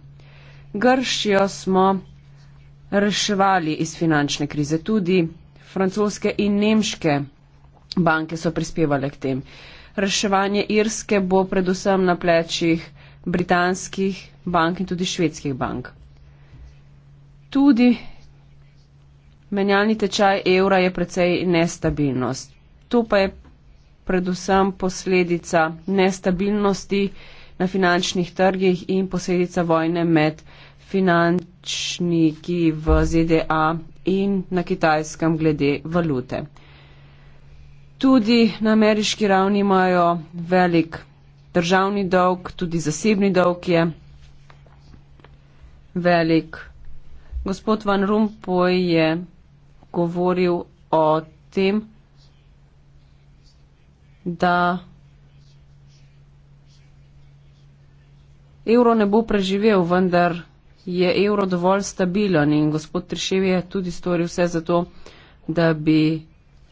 Gršijo smo reševali iz finančne krize tudi francoske in nemške banke so prispevale k tem. Reševanje Irske bo predvsem na plečih britanskih bank in tudi švedskih bank. Tudi menjalni tečaj evra je precej nestabilnost. To pa je predvsem posledica nestabilnosti na finančnih trgih in posledica vojne med finančniki v ZDA in na kitajskem glede valute tudi na ameriški ravni imajo velik državni dolg, tudi zasebni dolg je velik. Gospod Van Rompuy je govoril o tem, da evro ne bo preživel, vendar je evro dovolj stabilen in gospod Trišev je tudi storil vse za to, da bi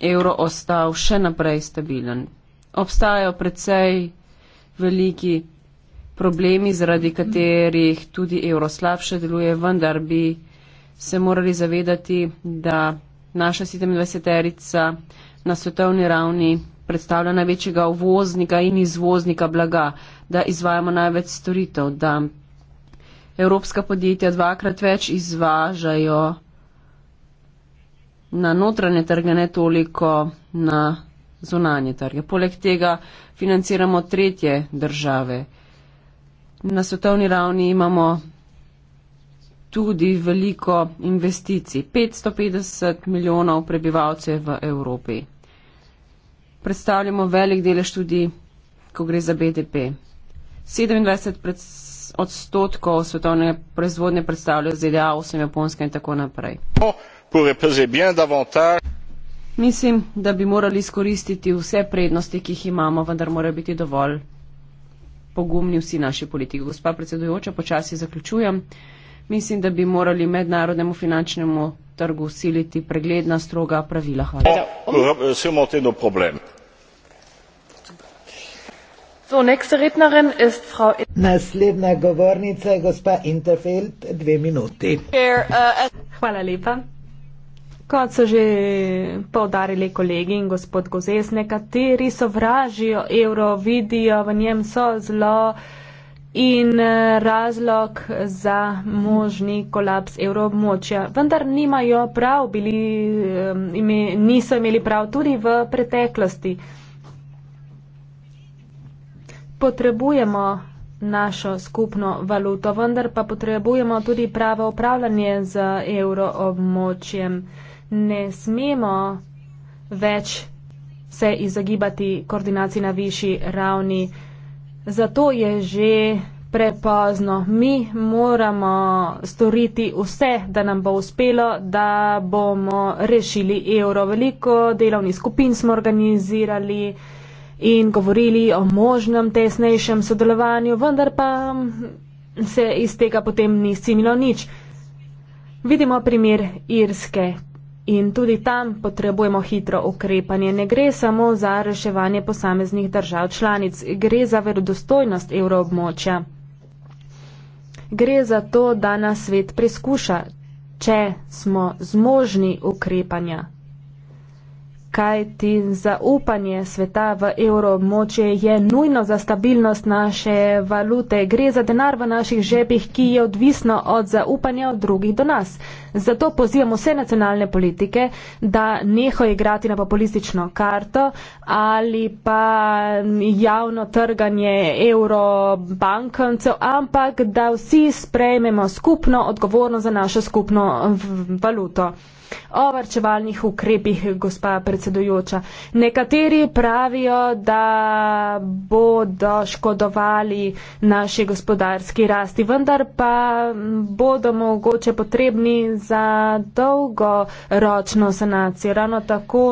evro ostal še naprej stabilen. Obstajajo precej veliki problemi, zaradi katerih tudi evro slabše deluje, vendar bi se morali zavedati, da naša 27-erica na svetovni ravni predstavlja največjega uvoznika in izvoznika blaga, da izvajamo največ storitev, da evropska podjetja dvakrat več izvažajo na notranje trge, ne toliko na zunanje trge. Poleg tega financiramo tretje države. Na svetovni ravni imamo tudi veliko investicij. 550 milijonov prebivalcev v Evropi. Predstavljamo velik delež tudi, ko gre za BDP. 27 odstotkov svetovne proizvodnje predstavlja ZDA, osem Japonska in tako naprej. Oh pourrait peser bien davantage. Mislim, da bi morali izkoristiti vse prednosti, ki jih imamo, vendar mora biti dovolj pogumni vsi naši politiki. Gospa predsedujoča, počasi zaključujem. Mislim, da bi morali mednarodnemu finančnemu trgu usiliti pregledna, stroga pravila. Hvala. Naslednja govornica je gospa Interfeld, dve minuti. Uh, Hvala lepa kot so že povdarili kolegi in gospod Gozes, nekateri sovražijo evro, vidijo v njem so zlo in eh, razlog za možni kolaps evroobmočja. Vendar nimajo prav, bili, ime, niso imeli prav tudi v preteklosti. Potrebujemo našo skupno valuto, vendar pa potrebujemo tudi pravo upravljanje z evroobmočjem ne smemo več se izogibati koordinaciji na višji ravni. Zato je že prepozno. Mi moramo storiti vse, da nam bo uspelo, da bomo rešili evro. Veliko delovnih skupin smo organizirali in govorili o možnem tesnejšem sodelovanju, vendar pa se iz tega potem ni cimilo nič. Vidimo primer Irske, In tudi tam potrebujemo hitro ukrepanje. Ne gre samo za reševanje posameznih držav članic, gre za verodostojnost evroobmočja. Gre za to, da nas svet preskuša, če smo zmožni ukrepanja kajti zaupanje sveta v evromoče je nujno za stabilnost naše valute. Gre za denar v naših žepih, ki je odvisno od zaupanja od drugih do nas. Zato pozivamo vse nacionalne politike, da neho igrati na populistično karto ali pa javno trganje evrobankancev, ampak da vsi sprejmemo skupno odgovorno za našo skupno valuto o varčevalnih ukrepih, gospa predsedujoča. Nekateri pravijo, da bodo škodovali naši gospodarski rasti, vendar pa bodo mogoče potrebni za dolgoročno sanacijo. Ravno tako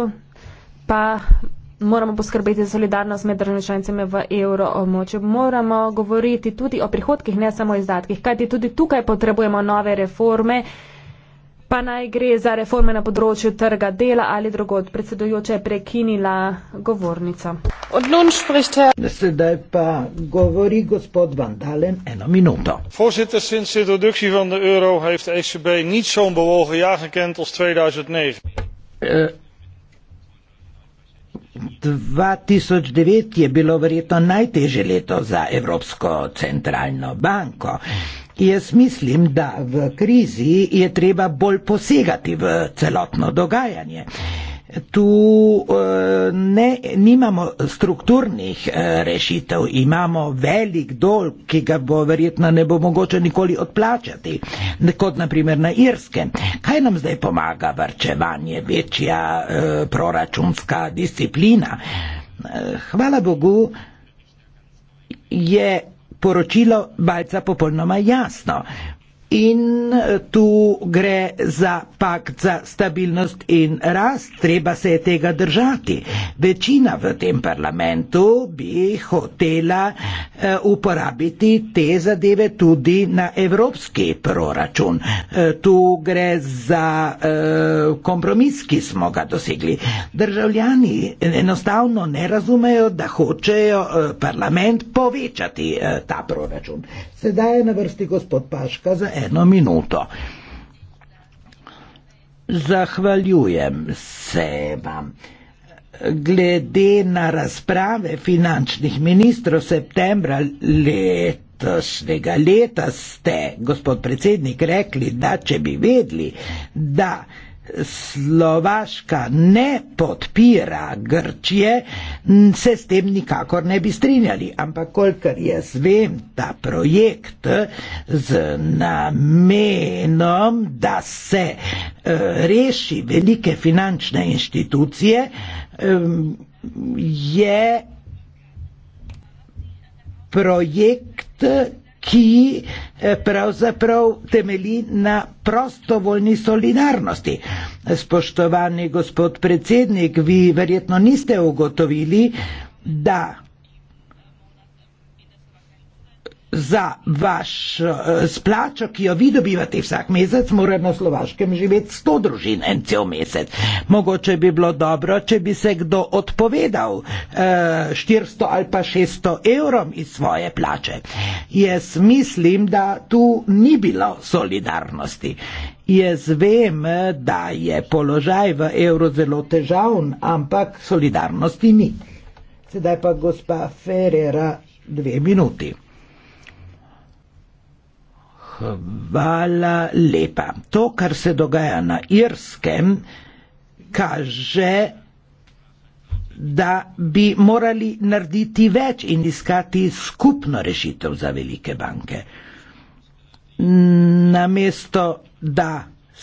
pa moramo poskrbeti za solidarnost med državami članicami v evroomočju. Moramo govoriti tudi o prihodkih, ne samo o izdatkih, kajti tudi tukaj potrebujemo nove reforme pa naj gre za reforme na področju trga dela ali drugod. Predsedujoče je prekinila govornica. Sedaj pa govori gospod Van Dalen eno minuto. Voorzitter, sinds introductie van de euro heeft de ECB niet zo'n bewogen jaar gekend als 2009. Uh, 2009 je bilo verjetno najteže leto za Evropsko centralno banko. Jaz mislim, da v krizi je treba bolj posegati v celotno dogajanje. Tu eh, ne, nimamo strukturnih eh, rešitev, imamo velik dol, ki ga bo verjetno ne bo mogoče nikoli odplačati, kot naprimer na Irske. Kaj nam zdaj pomaga vrčevanje, večja eh, proračunska disciplina? Hvala Bogu, je poročilo Balca popolnoma jasno. In eh, tu gre za pakt za stabilnost in rast, treba se je tega držati. Večina v tem parlamentu bi hotela eh, uporabiti te zadeve tudi na evropski proračun. Eh, tu gre za kompromis, ki smo ga dosegli. Državljani enostavno ne razumejo, da hočejo parlament povečati ta proračun. Sedaj je na vrsti gospod Paška za eno minuto. Zahvaljujem se vam. Glede na razprave finančnih ministrov septembra letošnjega leta ste, gospod predsednik, rekli, da če bi vedli, da Slovaška ne podpira Grčije, se s tem nikakor ne bi strinjali, ampak kolikor jaz vem, ta projekt z namenom, da se eh, reši velike finančne inštitucije, eh, je projekt, ki eh, pravzaprav temelji na prostovoljni solidarnosti. Spoštovani gospod predsednik, vi verjetno niste ugotovili, da za vaš uh, eh, splačo, ki jo vi dobivate vsak mesec, mora na Slovaškem živeti sto družin en cel mesec. Mogoče bi bilo dobro, če bi se kdo odpovedal uh, eh, 400 ali pa 600 evrom iz svoje plače. Jaz mislim, da tu ni bilo solidarnosti. Jaz vem, da je položaj v evro zelo težavn, ampak solidarnosti ni. Sedaj pa gospa Ferrera dve minuti. Hvala lepa. To, kar se dogaja na Irskem, kaže, da bi morali narediti več in iskati skupno rešitev za velike banke. Namesto, da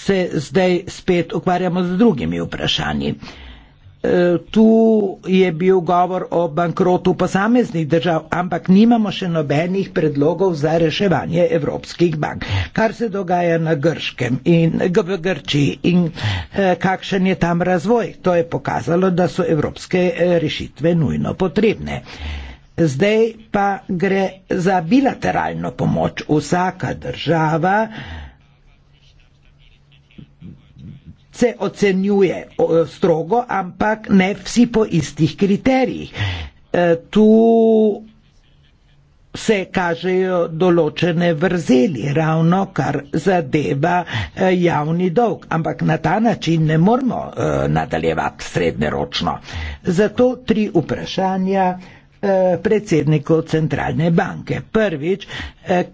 se zdaj spet ukvarjamo z drugimi vprašanji. E, tu je bil govor o bankrotu posameznih držav, ampak nimamo še nobenih predlogov za reševanje evropskih bank. Kar se dogaja na Grškem in v Grčiji in e, kakšen je tam razvoj, to je pokazalo, da so evropske e, rešitve nujno potrebne. Zdaj pa gre za bilateralno pomoč. Vsaka država se ocenjuje strogo, ampak ne vsi po istih kriterijih. E, tu se kažejo določene vrzeli, ravno kar zadeva e, javni dolg, ampak na ta način ne moramo e, nadaljevati srednjeročno. Zato tri vprašanja predsedniku centralne banke. Prvič,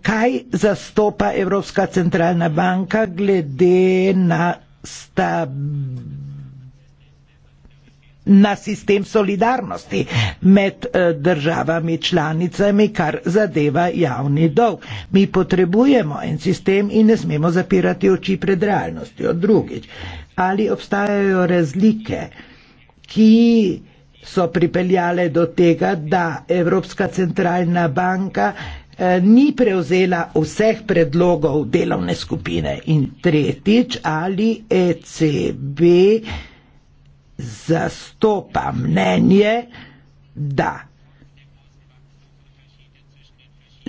kaj zastopa Evropska centralna banka glede na sta na sistem solidarnosti med eh, državami članicami, kar zadeva javni dolg. Mi potrebujemo en sistem in ne smemo zapirati oči pred realnostjo. Drugič, ali obstajajo razlike, ki so pripeljale do tega, da Evropska centralna banka Eh, ni prevzela vseh predlogov delovne skupine in tretjič ali ECB zastopa mnenje, da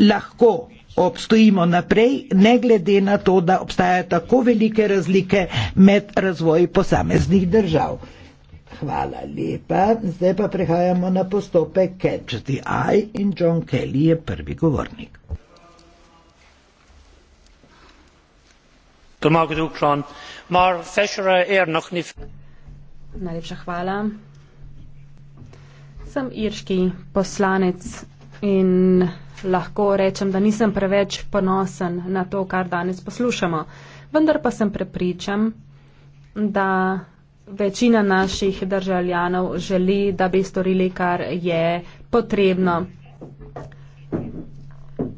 lahko obstojimo naprej, ne glede na to, da obstajajo tako velike razlike med razvoji posameznih držav. Hvala lepa, zdaj pa prehajamo na postopek Catch the Eye in John Kelly je prvi govornik. Eh, Najlepša hvala. Sem irški poslanec in lahko rečem, da nisem preveč ponosen na to, kar danes poslušamo. Vendar pa sem prepričan, da večina naših državljanov želi, da bi storili, kar je potrebno.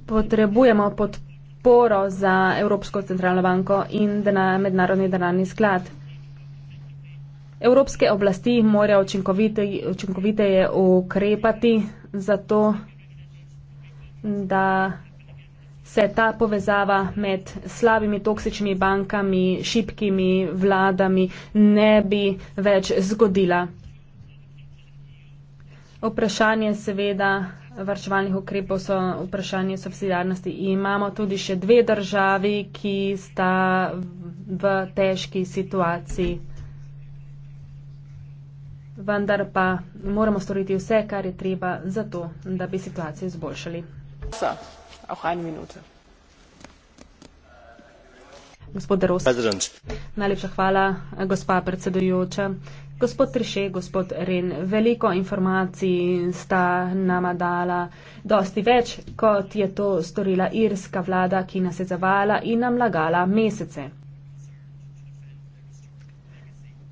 Potrebujemo podporo za Evropsko centralno banko in mednarodni denarni sklad. Evropske oblasti morajo učinkoviteje učinkovite ukrepati zato, da se ta povezava med slabimi, toksičnimi bankami, šipkimi vladami ne bi več zgodila. Vprašanje seveda varčevalnih ukrepov so vprašanje subsidijarnosti. Imamo tudi še dve državi, ki sta v težki situaciji. Vendar pa moramo storiti vse, kar je treba za to, da bi situacijo izboljšali auch eine Minute. Gospod De Rosa. President. Najlepša hvala, gospa predsedujoča. Gospod Triše, gospod Ren, veliko informacij sta nama dala, dosti več, kot je to storila irska vlada, ki nas je zavala in nam lagala mesece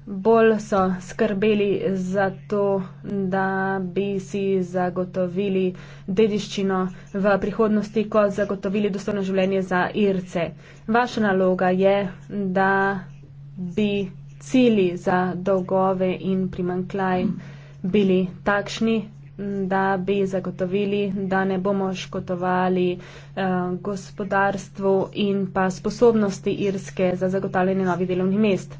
bolj so skrbeli za to, da bi si zagotovili dediščino v prihodnosti, kot zagotovili dostojno življenje za Irce. Vaša naloga je, da bi cili za dolgove in primankljaj bili takšni, da bi zagotovili, da ne bomo škotovali eh, gospodarstvu in pa sposobnosti Irske za zagotavljanje novih delovnih mest.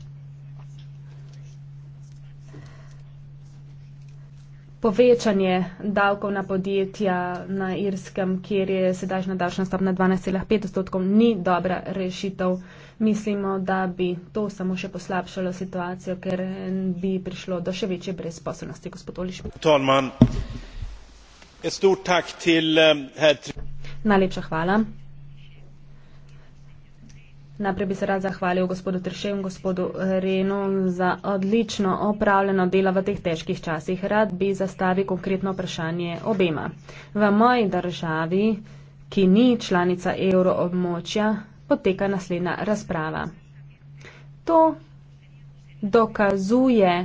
povečanje davkov na podjetja na Irskem, kjer je sedajšnja davčna stopna 12,5 odstotkov, ni dobra rešitev. Mislimo, da bi to samo še poslabšalo situacijo, ker bi prišlo do še večje brezposobnosti, gospod Oliš. Eh, Najlepša hvala. Najprej bi se rad zahvalil gospodu Tršev in gospodu Renu za odlično opravljeno delo v teh težkih časih. Rad bi zastavil konkretno vprašanje obema. V moji državi, ki ni članica evroobmočja, poteka naslednja razprava. To dokazuje,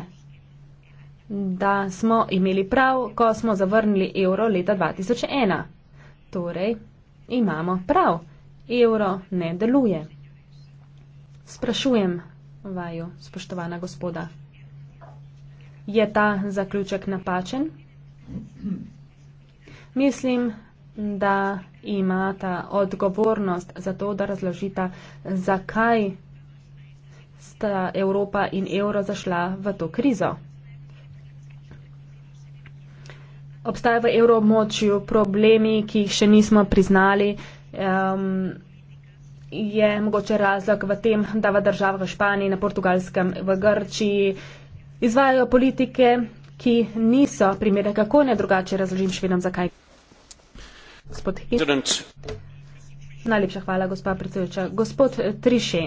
da smo imeli prav, ko smo zavrnili evro leta 2001. Torej, imamo prav. Evro ne deluje. Sprašujem vaju, spoštovana gospoda. Je ta zaključek napačen? Mislim, da imata odgovornost za to, da razložita, zakaj sta Evropa in evro zašla v to krizo. Obstaja v evroobmočju problemi, ki jih še nismo priznali. Um, je mogoče razlog v tem, da v državah v Španiji, na Portugalskem, v Grčiji izvajajo politike, ki niso primere, kako ne drugače razložim švedom, zakaj. Gospod Hitler. Najlepša hvala, gospa predsedujoča. Gospod Triše,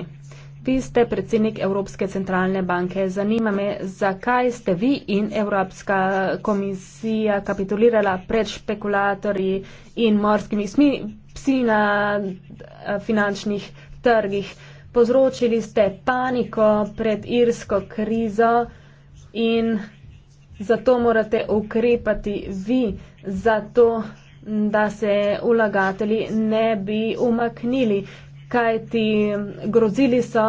vi ste predsednik Evropske centralne banke. Zanima me, zakaj ste vi in Evropska komisija kapitulirala pred špekulatorji in morskimi smi psi na eh, finančnih trgih. Povzročili ste paniko pred irsko krizo in zato morate ukrepati vi, zato da se vlagateli ne bi umaknili, kajti grozili so,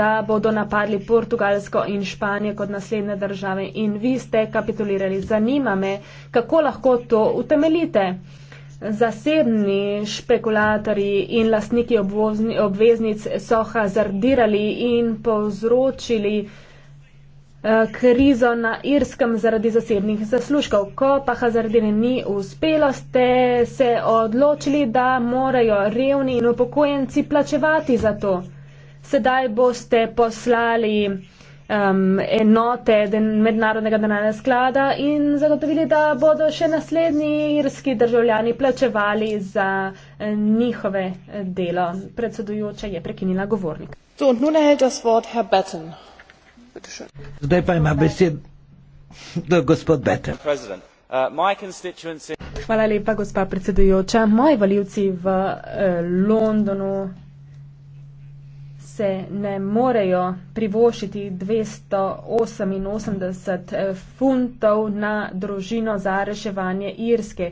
da bodo napadli Portugalsko in Španijo kot naslednje države in vi ste kapitulirali. Zanima me, kako lahko to utemeljite. Zasebni špekulatori in lastniki obvozni, obveznic so hazardirali in povzročili eh, krizo na Irskem zaradi zasebnih zaslužkov. Ko pa hazardine ni uspelo, ste se odločili, da morajo revni in upokojenci plačevati za to. Sedaj boste poslali um, enote den, mednarodnega denarnega sklada in zagotovili, da bodo še naslednji irski državljani plačevali za uh, njihove eh, delo. Predsedujoča je prekinila govornik. Zdaj pa ima besedo gospod Betten. Uh, Hvala lepa, gospa predsedujoča. Moji valjivci v eh, Londonu se ne morejo privošiti 288 funtov na družino za reševanje Irske.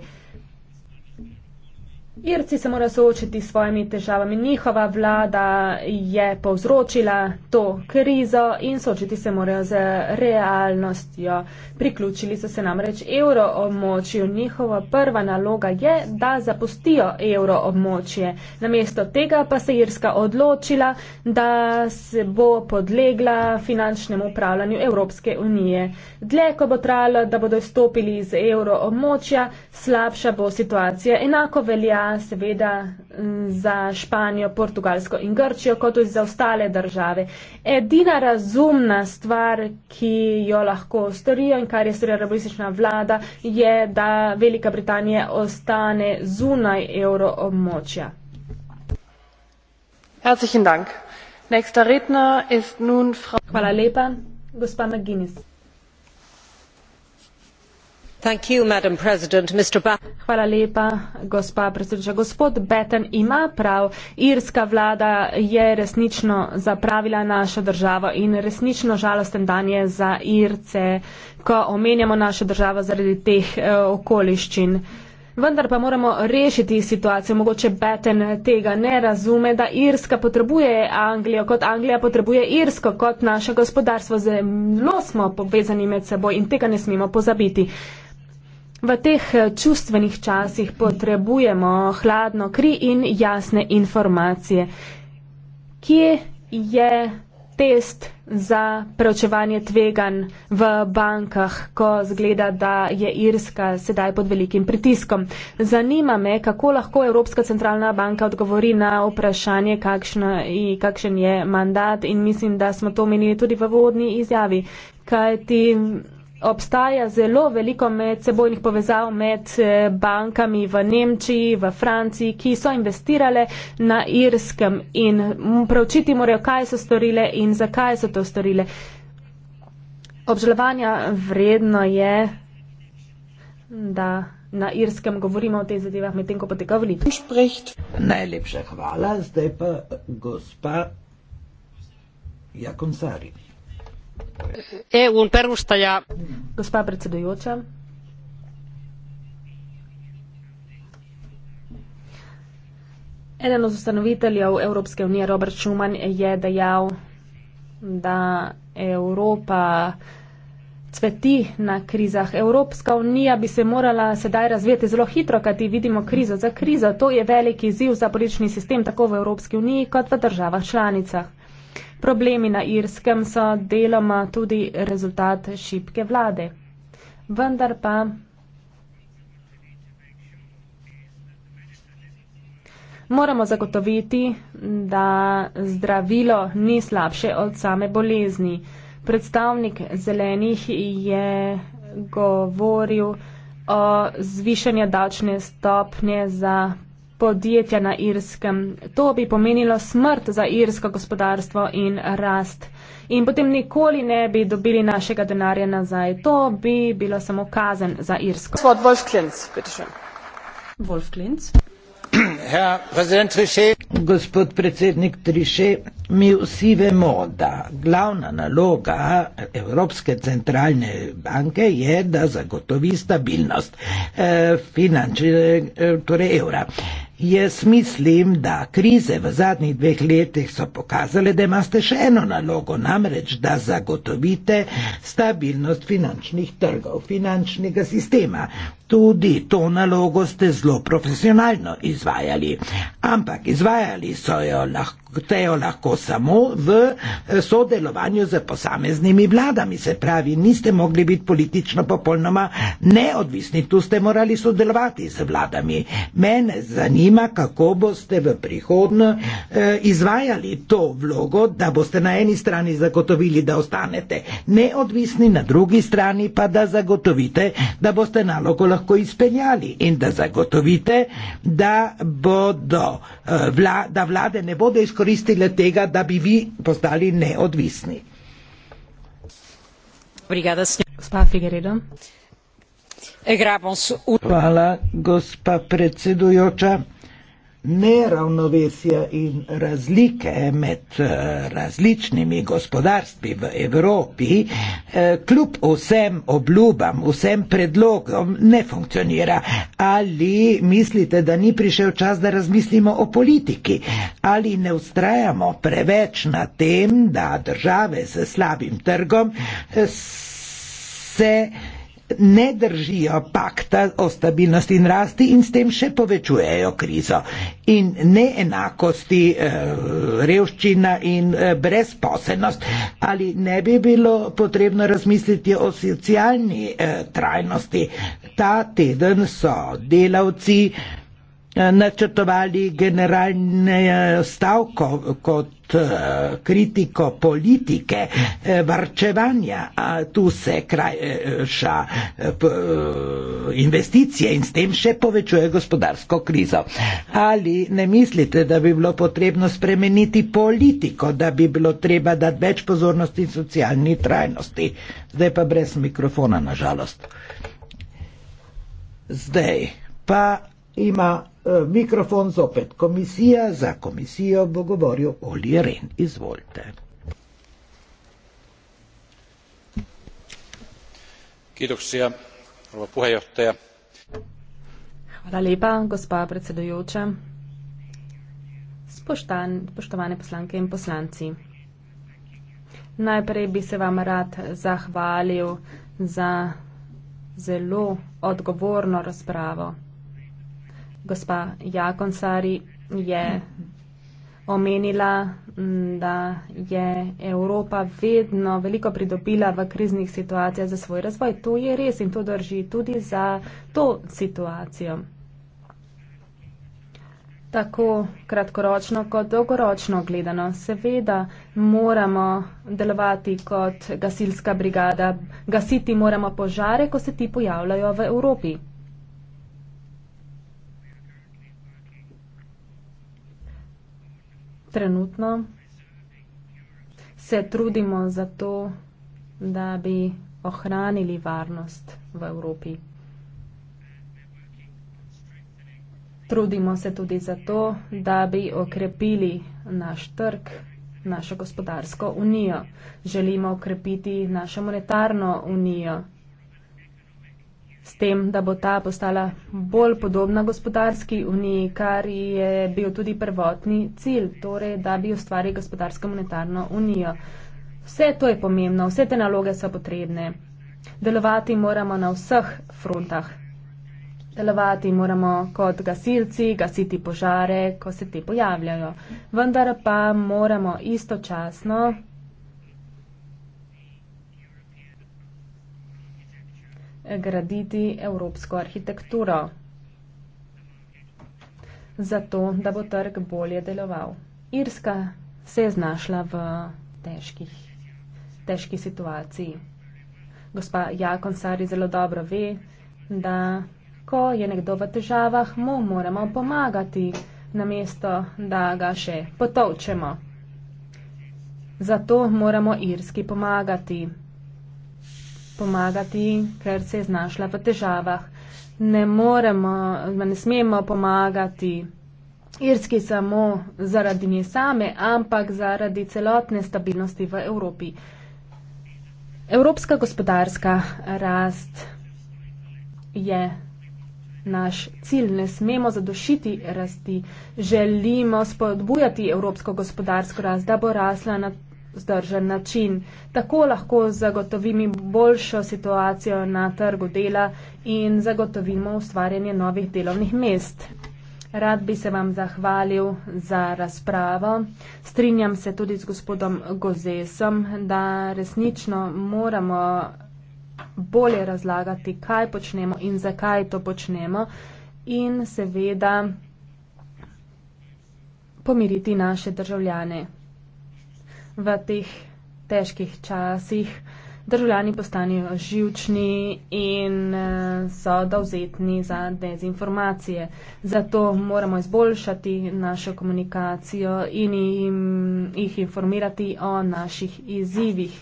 Irci se morajo soočiti s svojimi težavami. Njihova vlada je povzročila to krizo in soočiti se morajo z realnostjo. Priključili so se namreč evroobmočju. Njihova prva naloga je, da zapustijo evroobmočje. Namesto tega pa se Irska odločila, da se bo podlegla finančnemu upravljanju Evropske unije. Dlje, ko bo trajalo, da bodo izstopili iz evroobmočja, slabša bo situacija. Enako velja seveda mm, za Španijo, Portugalsko in Grčijo, kot tudi za ostale države. Edina razumna stvar, ki jo lahko storijo in kar je storila rebelistična vlada, je, da Velika Britanija ostane zunaj evro območja. Hvala lepa, gospa McGuinness gospa predsednica. Gospod Batten ima prav. Irska vlada je resnično zapravila našo državo in resnično žalosten dan je za Irce, ko omenjamo našo državo zaradi teh eh, okoliščin. Vendar pa moramo rešiti situacijo. Mogoče Batten tega ne razume, da Irska potrebuje Anglijo, kot Anglija potrebuje Irsko, kot naše gospodarstvo. Zelo smo povezani med seboj in tega ne smemo pozabiti. V teh eh, čustvenih časih potrebujemo hladno kri in jasne informacije. Kje je test za preučevanje tvegan v bankah, ko zgleda, da je Irska sedaj pod velikim pritiskom? Zanima me, kako lahko Evropska centralna banka odgovori na vprašanje, kakšen je mandat in mislim, da smo to omenili tudi v vodni izjavi. Kajti, obstaja zelo veliko medsebojnih povezav med eh, bankami v Nemčiji, v Franciji, ki so investirale na Irskem in preučiti morajo, kaj so storile in zakaj so to storile. Obžalovanja vredno je, da na Irskem govorimo o teh zadevah, medtem ko poteka volitev. Najlepša hvala, zdaj pa gospa Jakonsarini. EUn perustaja. Gospa predsedujoča. Eden od ustanoviteljev Evropske unije, Robert Schuman, je dejal, da Evropa cveti na krizah. Evropska unija bi se morala sedaj razvijati zelo hitro, kajti vidimo krizo za krizo. To je veliki ziv za politični sistem tako v Evropski uniji kot v državah članicah. Problemi na Irskem so deloma tudi rezultat šibke vlade. Vendar pa moramo zagotoviti, da zdravilo ni slabše od same bolezni. Predstavnik zelenih je govoril o zvišanju davčne stopnje za podjetja na Irskem. To bi pomenilo smrt za irsko gospodarstvo in rast. In potem nikoli ne bi dobili našega denarja nazaj. To bi bilo samo kazen za Irsko. Wolf Klinz, Wolf Klinz. Gospod predsednik Triše, mi vsi vemo, da glavna naloga Evropske centralne banke je, da zagotovi stabilnost e, eh, finančnega, e, eh, torej evra. Jaz mislim, da krize v zadnjih dveh letih so pokazale, da imate še eno nalogo, namreč da zagotovite stabilnost finančnih trgov, finančnega sistema. Tudi to nalogo ste zelo profesionalno izvajali, ampak izvajali so jo lahko. Gtejo lahko samo v eh, sodelovanju z posameznimi vladami, se pravi, niste mogli biti politično popolnoma neodvisni, tu ste morali sodelovati z vladami. Mene zanima, kako boste v prihodnje eh, izvajali to vlogo, da boste na eni strani zagotovili, da ostanete neodvisni, na drugi strani pa da zagotovite, da boste nalogo lahko izpeljali in da zagotovite, da bodo eh, vla, da vlade ne bodo izkoristili izkoristile tega, da bi vi postali neodvisni. Brigada s njim. Gospa Figueredo. E grabons. Hvala, gospa predsedujoča neravnovesja in razlike med eh, različnimi gospodarstvi v Evropi eh, kljub vsem obljubam, vsem predlogom ne funkcionira. Ali mislite, da ni prišel čas, da razmislimo o politiki? Ali ne ustrajamo preveč na tem, da države z slabim trgom eh, se ne držijo pakta o stabilnosti in rasti in s tem še povečujejo krizo. In neenakosti, eh, revščina in eh, brezposenost. Ali ne bi bilo potrebno razmisliti o socialni eh, trajnosti? Ta teden so delavci, Eh, načrtovali generalno eh, stavko kot eh, kritiko politike varčevanja, a tu se krajša investicije in s tem še povečuje gospodarsko krizo. Ali ne mislite, da bi bilo potrebno spremeniti politiko, da bi bilo treba dati več pozornosti in socialni trajnosti? Zdaj pa brez mikrofona, nažalost. Zdaj pa ima eh, mikrofon zopet komisija, za komisijo bo govoril Olje Ren. Izvolite. Kitoksija, prva puhajoteja. Hvala lepa, gospa predsedujoča. Spoštan, spoštovane poslanke in poslanci. Najprej bi se vam rad zahvalil za zelo odgovorno razpravo gospa Jakonsari je omenila, da je Evropa vedno veliko pridobila v kriznih situacijah za svoj razvoj. To je res in to drži tudi za to situacijo. Tako kratkoročno kot dolgoročno gledano. Seveda moramo delovati kot gasilska brigada, gasiti moramo požare, ko se ti pojavljajo v Evropi. trenutno se trudimo za to, da bi ohranili varnost v Evropi. Trudimo se tudi za to, da bi okrepili naš trg, našo gospodarsko unijo. Želimo okrepiti našo monetarno unijo s tem, da bo ta postala bolj podobna gospodarski uniji, kar je bil tudi prvotni cilj, torej, da bi ustvarili gospodarsko monetarno unijo. Vse to je pomembno, vse te naloge so potrebne. Delovati moramo na vseh frontah. Delovati moramo kot gasilci, gasiti požare, ko se te pojavljajo. Vendar pa moramo istočasno graditi evropsko arhitekturo, zato da bo trg bolje deloval. Irska se je znašla v težkih, težki situaciji. Gospa Jakon Sari zelo dobro ve, da ko je nekdo v težavah, mu moramo pomagati, namesto da ga še potovčemo. Zato moramo Irski pomagati pomagati, ker se je znašla v težavah. Ne moremo, ne smemo pomagati Irski samo zaradi nje same, ampak zaradi celotne stabilnosti v Evropi. Evropska gospodarska rast je naš cilj. Ne smemo zadošiti rasti. Želimo spodbujati evropsko gospodarsko rast, da bo rasla na vzdržen način. Tako lahko zagotovimo boljšo situacijo na trgu dela in zagotovimo ustvarjanje novih delovnih mest. Rad bi se vam zahvalil za razpravo. Strinjam se tudi z gospodom Gozesom, da resnično moramo bolje razlagati, kaj počnemo in zakaj to počnemo in seveda pomiriti naše državljane v teh težkih časih državljani postanejo živčni in eh, so dovzetni za dezinformacije. Zato moramo izboljšati našo komunikacijo in jim, jih informirati o naših izzivih.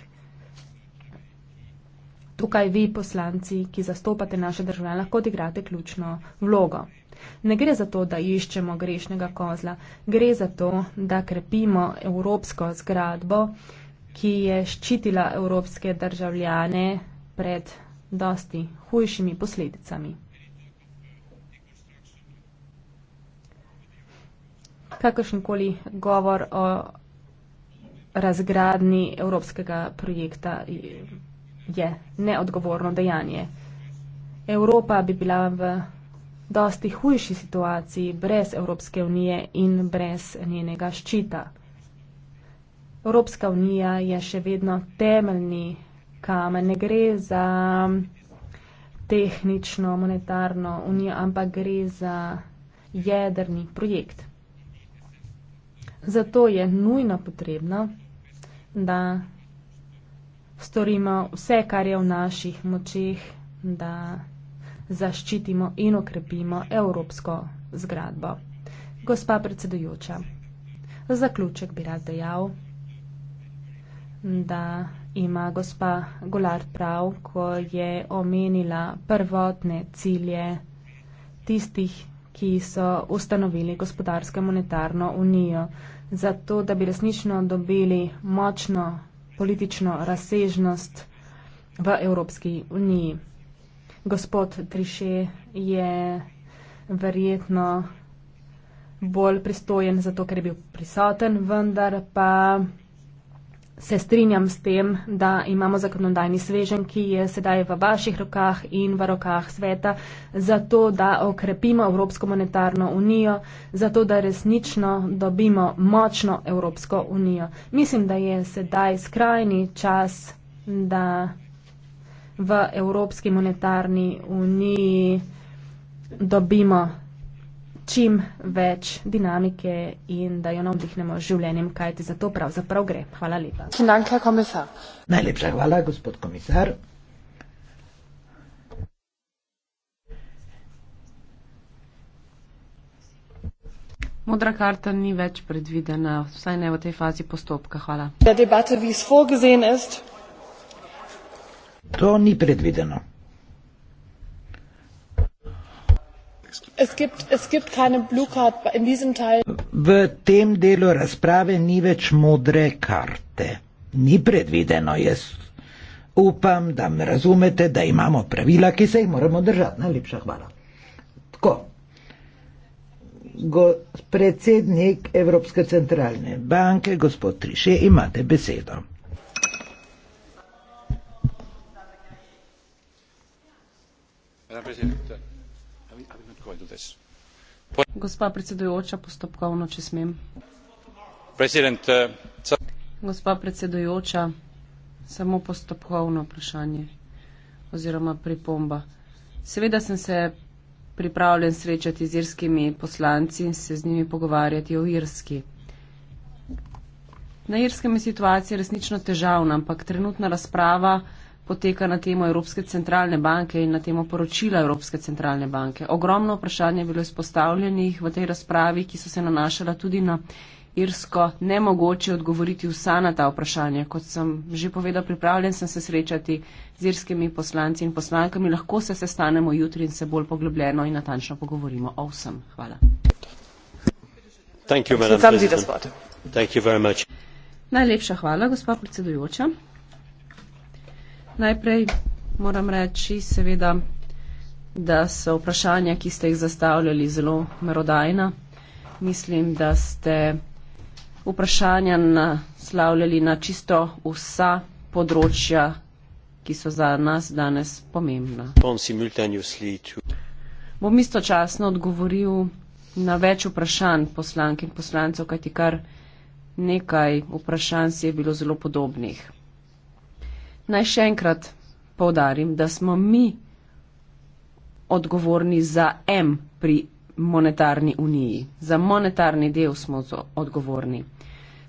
Tukaj vi, poslanci, ki zastopate naše državljane, lahko odigrate ključno vlogo. Ne gre za to, da iščemo grešnega kozla, gre za to, da krepimo evropsko zgradbo, ki je ščitila evropske državljane pred dosti hujšimi posledicami. Kakršenkoli govor o razgradni evropskega projekta je neodgovorno dejanje. Evropa bi bila v dosti hujši situaciji brez Evropske unije in brez njenega ščita. Evropska unija je še vedno temeljni kamen, ne gre za tehnično monetarno unijo, ampak gre za jedrni projekt. Zato je nujno potrebno, da storimo vse, kar je v naših močeh, da zaščitimo in okrepimo evropsko zgradbo. Gospa predsedujoča, zaključek bi rad dejal, da ima gospa Golar prav, ko je omenila prvotne cilje tistih, ki so ustanovili gospodarsko monetarno unijo, zato da bi resnično dobili močno politično razsežnost v Evropski uniji gospod Triše je verjetno bolj pristojen zato, ker je bil prisoten, vendar pa se strinjam s tem, da imamo zakonodajni svežen, ki je sedaj v vaših rokah in v rokah sveta, zato, da okrepimo Evropsko monetarno unijo, zato, da resnično dobimo močno Evropsko unijo. Mislim, da je sedaj skrajni čas, da v Evropski monetarni uniji dobimo čim več dinamike in da jo navdihnemo z življenjem, kajti za to pravzaprav gre. Hvala lepa. Najlepša hvala, gospod komisar. Modra karta ni več predvidena, vsaj ne v tej fazi postopka. Hvala. To ni predvideno. V tem delu razprave ni več modre karte. Ni predvideno. Jaz upam, da me razumete, da imamo pravila, ki se jih moramo držati. Najlepša hvala. Tako. Go, predsednik Evropske centralne banke, gospod Triše, imate besedo. Ah ah gospa predsedujoča postopkovno če smem eh, gospa predsedujoča samo postopkovno vprašanje oziroma pripomba seveda sem se pripravljen srečati z irskimi poslanci in se z njimi pogovarjati o irski na irskem je situacija resnično težavna ampak trenutna razprava poteka na temo Evropske centralne banke in na temo poročila Evropske centralne banke. Ogromno vprašanje je bilo izpostavljenih v tej razpravi, ki so se nanašala tudi na Irsko. Nemogoče odgovoriti vsa na ta vprašanja. Kot sem že povedal, pripravljen sem se srečati z irskimi poslanci in poslankami. Lahko se sestanemo jutri in se bolj poglobljeno in natančno pogovorimo o vsem. Hvala. Thank you, Thank you Najlepša hvala, gospod predsedujoča. Najprej moram reči, seveda, da so vprašanja, ki ste jih zastavljali, zelo merodajna. Mislim, da ste vprašanja naslavljali na čisto vsa področja, ki so za nas danes pomembna. Bom istočasno odgovoril na več vprašanj poslank in poslancev, kajti kar nekaj vprašanj si je bilo zelo podobnih. Naj še enkrat povdarim, da smo mi odgovorni za M pri monetarni uniji. Za monetarni del smo odgovorni.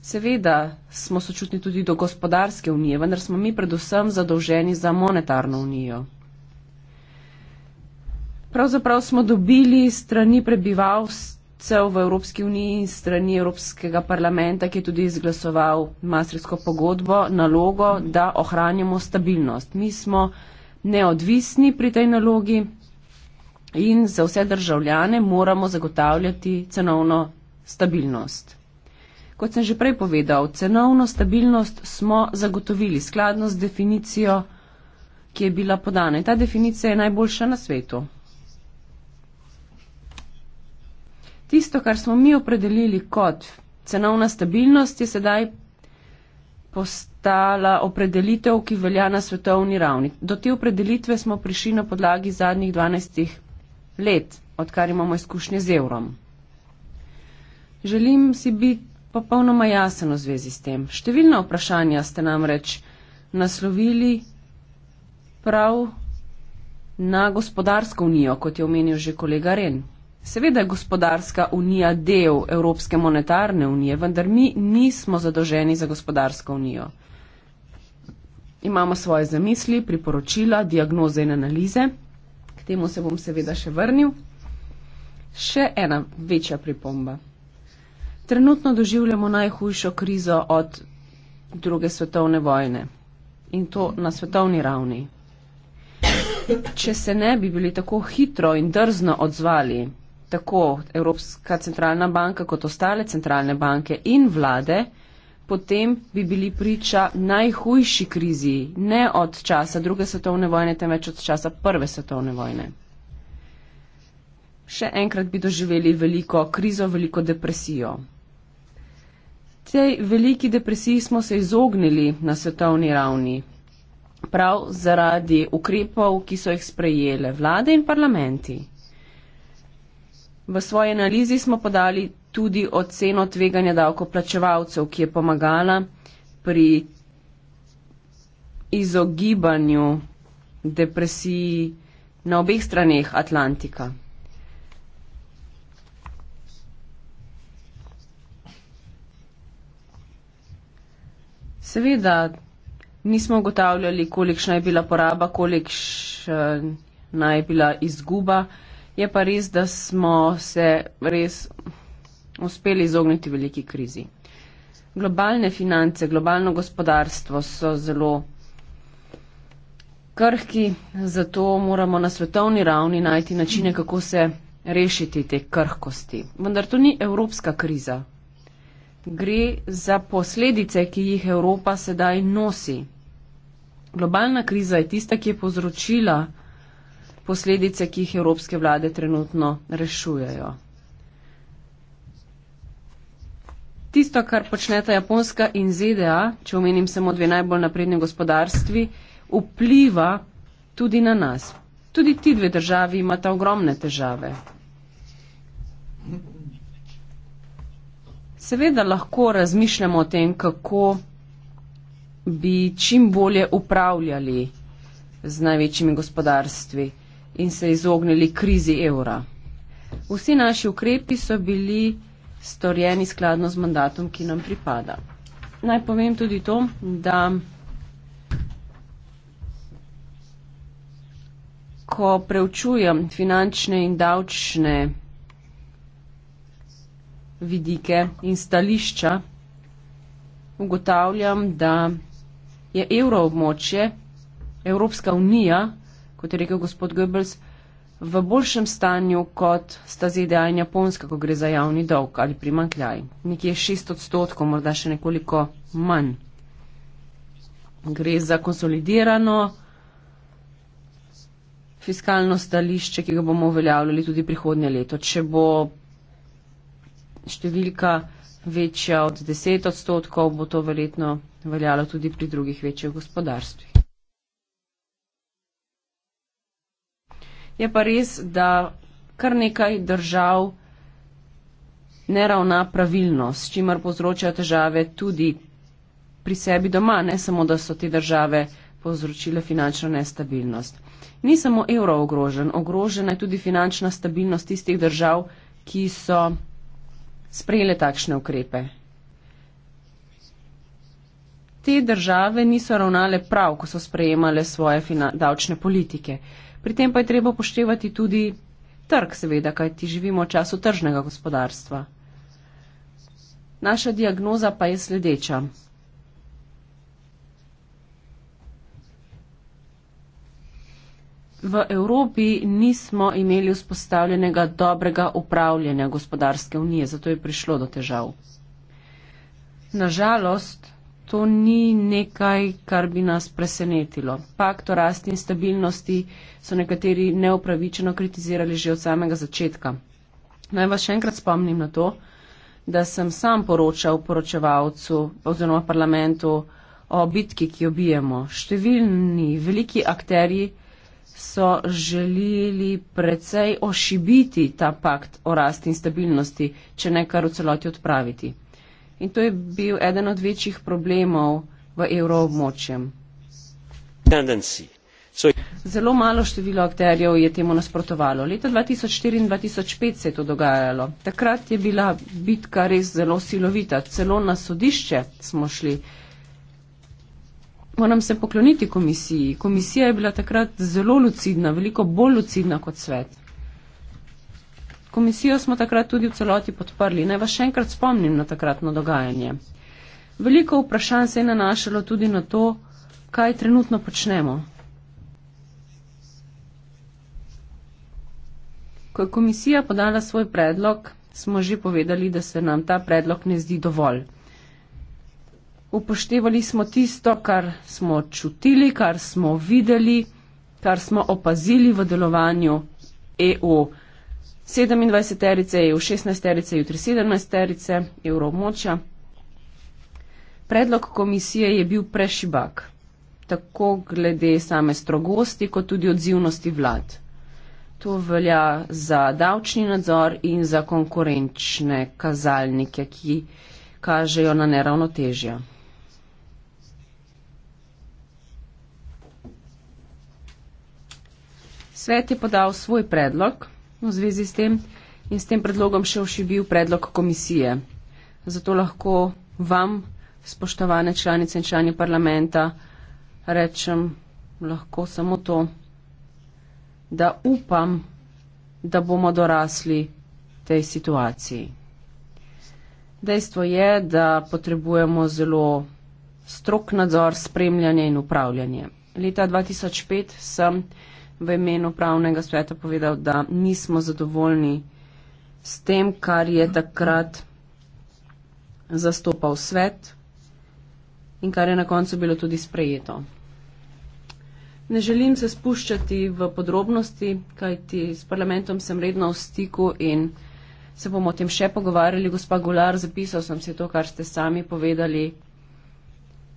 Seveda smo sočutni tudi do gospodarske unije, vendar smo mi predvsem zadolženi za monetarno unijo. Pravzaprav smo dobili strani prebivalstva, evropcev v Evropski uniji in strani Evropskega parlamenta, ki je tudi izglasoval mastersko pogodbo, nalogo, da ohranjamo stabilnost. Mi smo neodvisni pri tej nalogi in za vse državljane moramo zagotavljati cenovno stabilnost. Kot sem že prej povedal, cenovno stabilnost smo zagotovili skladno z definicijo, ki je bila podana. In ta definicija je najboljša na svetu. Tisto, kar smo mi opredelili kot cenovna stabilnost, je sedaj postala opredelitev, ki velja na svetovni ravni. Do te opredelitve smo prišli na podlagi zadnjih 12 let, odkar imamo izkušnje z evrom. Želim si biti popolnoma jasen v zvezi s tem. Številna vprašanja ste nam reč naslovili prav na gospodarsko unijo, kot je omenil že kolega Ren. Seveda je gospodarska unija del Evropske monetarne unije, vendar mi nismo zadoženi za gospodarsko unijo. Imamo svoje zamisli, priporočila, diagnoze in analize. K temu se bom seveda še vrnil. Še ena večja pripomba. Trenutno doživljamo najhujšo krizo od druge svetovne vojne in to na svetovni ravni. Če se ne bi bili tako hitro in drzno odzvali, tako Evropska centralna banka kot ostale centralne banke in vlade, potem bi bili priča najhujši krizi, ne od časa druge svetovne vojne, temveč od časa prve svetovne vojne. Še enkrat bi doživeli veliko krizo, veliko depresijo. Tej veliki depresiji smo se izognili na svetovni ravni, prav zaradi ukrepov, ki so jih sprejele vlade in parlamenti. V svoji analizi smo podali tudi oceno tveganja davkoplačevalcev, ki je pomagala pri izogibanju depresiji na obeh straneh Atlantika. Seveda nismo ugotavljali, kolikšna je bila poraba, kolikšna je bila izguba. Je pa res, da smo se res uspeli izogniti veliki krizi. Globalne finance, globalno gospodarstvo so zelo krhki, zato moramo na svetovni ravni najti načine, kako se rešiti te krhkosti. Vendar to ni evropska kriza. Gre za posledice, ki jih Evropa sedaj nosi. Globalna kriza je tista, ki je povzročila posledice, ki jih evropske vlade trenutno rešujejo. Tisto, kar počneta Japonska in ZDA, če omenim samo dve najbolj napredne gospodarstvi, vpliva tudi na nas. Tudi ti dve državi imata ogromne težave. Seveda lahko razmišljamo o tem, kako bi čim bolje upravljali z največjimi gospodarstvi in se izognili krizi evra. Vsi naši ukrepi so bili storjeni skladno z mandatom, ki nam pripada. Naj povem tudi to, da ko preučujem finančne in davčne vidike in stališča, ugotavljam, da je evroobmočje, Evropska unija kot je rekel gospod Goebbels, v boljšem stanju kot sta ZDA in Japonska, ko gre za javni dolg ali primankljaj. Nekje 6 odstotkov, morda še nekoliko manj. Gre za konsolidirano fiskalno stališče, ki ga bomo uveljavljali tudi prihodnje leto. Če bo številka večja od 10 odstotkov, bo to verjetno veljalo tudi pri drugih večjih gospodarstvih. Je pa res, da kar nekaj držav ne ravna pravilno, s čimer povzročajo težave tudi pri sebi doma, ne samo, da so te države povzročile finančno nestabilnost. Ni samo evro ogrožen, ogrožena je tudi finančna stabilnost tistih držav, ki so sprejele takšne ukrepe. Te države niso ravnale prav, ko so sprejemale svoje davčne politike. Uh, Pri tem pa je treba poštevati tudi trg, seveda, kajti živimo v času tržnega gospodarstva. Naša diagnoza pa je sledeča. V Evropi nismo imeli vzpostavljenega dobrega upravljanja gospodarske unije, zato je prišlo do težav. Nažalost, to ni nekaj, kar bi nas presenetilo. Pakt o rasti in stabilnosti so nekateri neupravičeno kritizirali že od samega začetka. Naj vas še enkrat spomnim na to, da sem sam poročal poročevalcu oziroma parlamentu o bitki, ki jo bijemo. Številni veliki akteri so želeli precej ošibiti ta pakt o rasti in stabilnosti, če ne kar v celoti odpraviti. In to je bil eden od večjih problemov v evroobmočjem. So... Zelo malo število akterjev je temu nasprotovalo. Leta 2004 in 2005 se je to dogajalo. Takrat je bila bitka res zelo silovita. Celo na sodišče smo šli. Moram se pokloniti komisiji. Komisija je bila takrat zelo lucidna, veliko bolj lucidna kot svet. Komisijo smo takrat tudi v celoti podprli. Naj vas še enkrat spomnim na takratno dogajanje. Veliko vprašanj se je nanašalo tudi na to, kaj trenutno počnemo. Ko je komisija podala svoj predlog, smo že povedali, da se nam ta predlog ne zdi dovolj. Upoštevali smo tisto, kar smo čutili, kar smo videli, kar smo opazili v delovanju EU. 27 terice, EU 16 terice, jutri 17 terice evroobmočja. Predlog komisije je bil prešibak, tako glede same strogosti, kot tudi odzivnosti vlad. To velja za davčni nadzor in za konkurenčne kazalnike, ki kažejo na neravnotežja. Svet je podal svoj predlog v zvezi s tem in s tem predlogom še ošibil predlog komisije. Zato lahko vam, spoštovane članice in člani parlamenta, rečem lahko samo to, da upam, da bomo dorasli tej situaciji. Dejstvo je, da potrebujemo zelo strok nadzor, spremljanje in upravljanje. Leta 2005 sem v imenu pravnega sveta povedal, da nismo zadovoljni s tem, kar je takrat zastopal svet in kar je na koncu bilo tudi sprejeto. Ne želim se spuščati v podrobnosti, kajti s parlamentom sem redno v stiku in se bomo o tem še pogovarjali. Gospa Gular, zapisal sem si to, kar ste sami povedali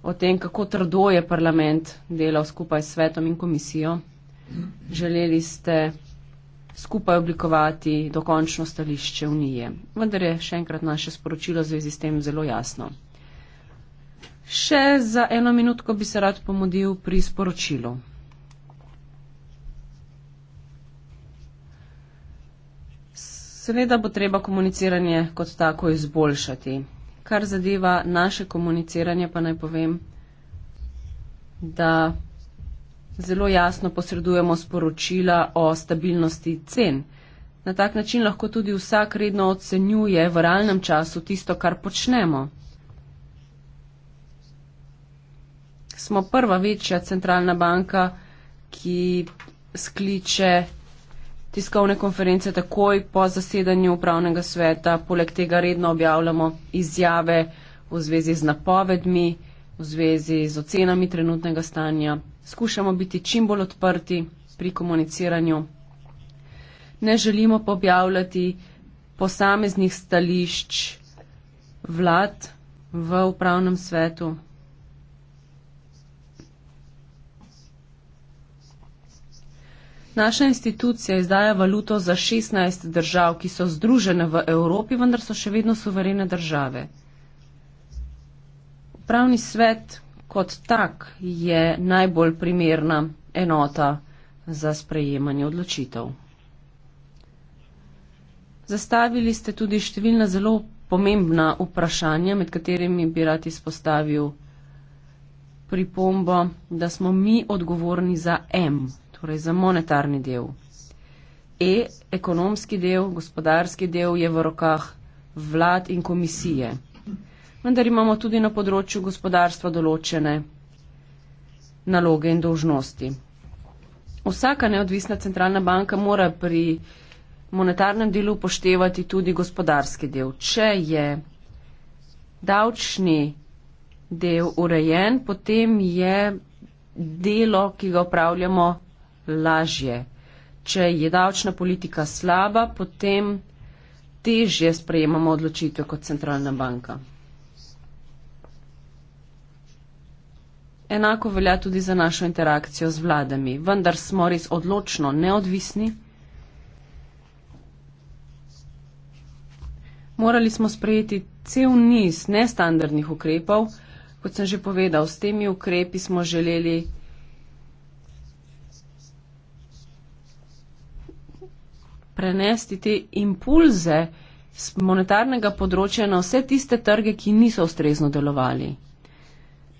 o tem, kako trdo je parlament delal skupaj s svetom in komisijo želeli ste skupaj oblikovati dokončno stališče Unije. Vendar je še enkrat naše sporočilo zvezi s tem zelo jasno. Še za eno minutko bi se rad pomodil pri sporočilu. Seveda bo treba komuniciranje kot tako izboljšati. Kar zadeva naše komuniciranje, pa naj povem, da zelo jasno posredujemo sporočila o stabilnosti cen. Na tak način lahko tudi vsak redno ocenjuje v realnem času tisto, kar počnemo. Smo prva večja centralna banka, ki skliče tiskovne konference takoj po zasedanju upravnega sveta. Poleg tega redno objavljamo izjave v zvezi z napovedmi, v zvezi z ocenami trenutnega stanja, skušamo biti čim bolj odprti pri komuniciranju. Ne želimo objavljati posameznih stališč vlad v upravnem svetu. Naša institucija izdaja valuto za 16 držav, ki so združene v Evropi, vendar so še vedno suverene države. Upravni svet kot tak je najbolj primerna enota za sprejemanje odločitev. Zastavili ste tudi številna zelo pomembna vprašanja, med katerimi bi rad izpostavil pripombo, da smo mi odgovorni za M, torej za monetarni del. E, ekonomski del, gospodarski del je v rokah vlad in komisije vendar imamo tudi na področju gospodarstva določene naloge in dolžnosti. Vsaka neodvisna centralna banka mora pri monetarnem delu upoštevati tudi gospodarski del. Če je davčni del urejen, potem je delo, ki ga upravljamo, lažje. Če je davčna politika slaba, potem težje sprejemamo odločitve kot centralna banka. enako velja tudi za našo interakcijo z vladami, vendar smo res odločno neodvisni. Morali smo sprejeti cel niz nestandardnih ukrepov, kot sem že povedal, s temi ukrepi smo želeli prenesti te impulze z monetarnega področja na vse tiste trge, ki niso ustrezno delovali.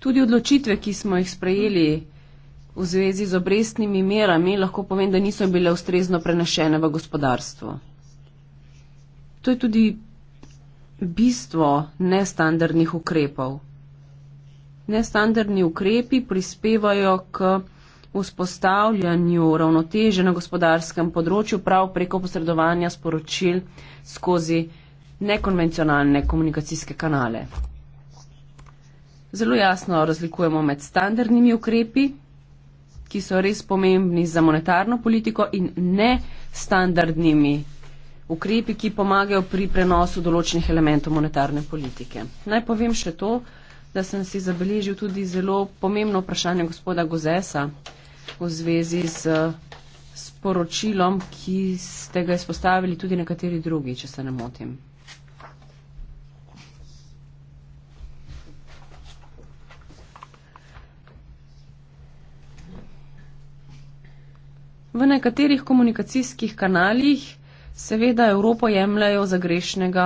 Tudi odločitve, ki smo jih sprejeli v zvezi z obrestnimi merami, lahko povem, da niso bile ustrezno prenešene v gospodarstvo. To je tudi bistvo nestandardnih ukrepov. Nestandardni ukrepi prispevajo k vzpostavljanju ravnoteže na gospodarskem področju prav preko posredovanja sporočil skozi nekonvencionalne komunikacijske kanale zelo jasno razlikujemo med standardnimi ukrepi, ki so res pomembni za monetarno politiko in ne standardnimi ukrepi, ki pomagajo pri prenosu določenih elementov monetarne politike. Naj povem še to, da sem si zabeležil tudi zelo pomembno vprašanje gospoda Gozesa v zvezi z eh, sporočilom, ki ste ga izpostavili tudi nekateri drugi, če se ne motim. V nekaterih komunikacijskih kanalih seveda Evropo jemljajo za grešnega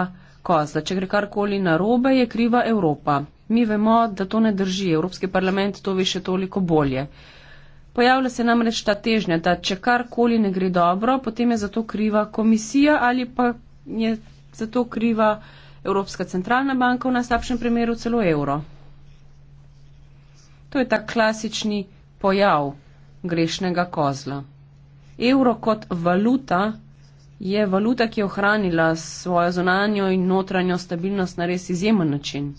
kozla. Če gre karkoli narobe, je kriva Evropa. Mi vemo, da to ne drži. Evropski parlament to ve še toliko bolje. Pojavlja se namreč ta težnja, da če karkoli ne gre dobro, potem je za to kriva komisija ali pa je za to kriva Evropska centralna banka, v najslabšem primeru celo evro. To je ta klasični pojav grešnega kozla. Evro kot valuta je valuta, ki je ohranila svojo zonanjo in notranjo stabilnost na res izjemen način.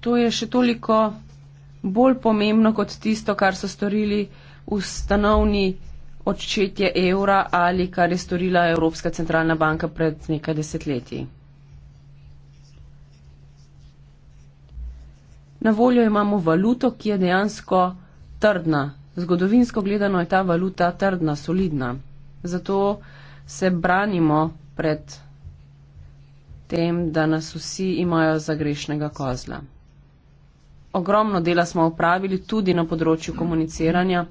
To je še toliko bolj pomembno kot tisto, kar so storili ustanovni odčetje evra ali kar je storila Evropska centralna banka pred nekaj desetletji. Na voljo imamo valuto, ki je dejansko trdna. Zgodovinsko gledano je ta valuta trdna, solidna. Zato se branimo pred tem, da nas vsi imajo za grešnega kozla. Ogromno dela smo upravili tudi na področju komuniciranja.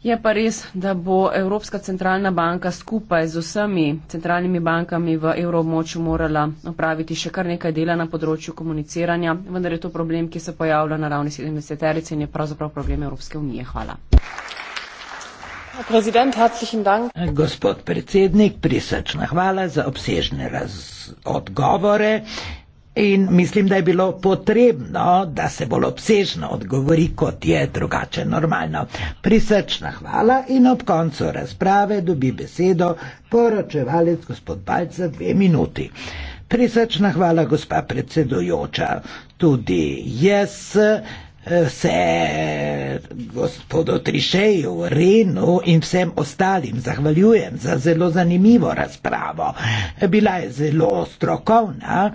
Je pa res, da bo Evropska centralna banka skupaj z vsemi centralnimi bankami v evroobmočju morala opraviti še kar nekaj dela na področju komuniciranja, vendar je to problem, ki se pojavlja na ravni 70. erice in je pravzaprav problem Evropske unije. Hvala. Gospod predsednik, prisrčna hvala za obsežne odgovore. In mislim, da je bilo potrebno, da se bolj obsežno odgovori, kot je drugače normalno. Prisrčna hvala in ob koncu razprave dobi besedo poročevalec gospod Balc za dve minuti. Prisrčna hvala, gospa predsedujoča. Tudi jaz eh, se gospodu Trišeju, Renu in vsem ostalim zahvaljujem za zelo zanimivo razpravo. Bila je zelo strokovna,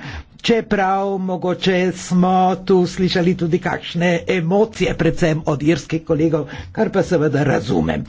Čeprav mogoče smo tu slišali tudi kakšne emocije, predvsem od irskih kolegov, kar pa seveda razumem.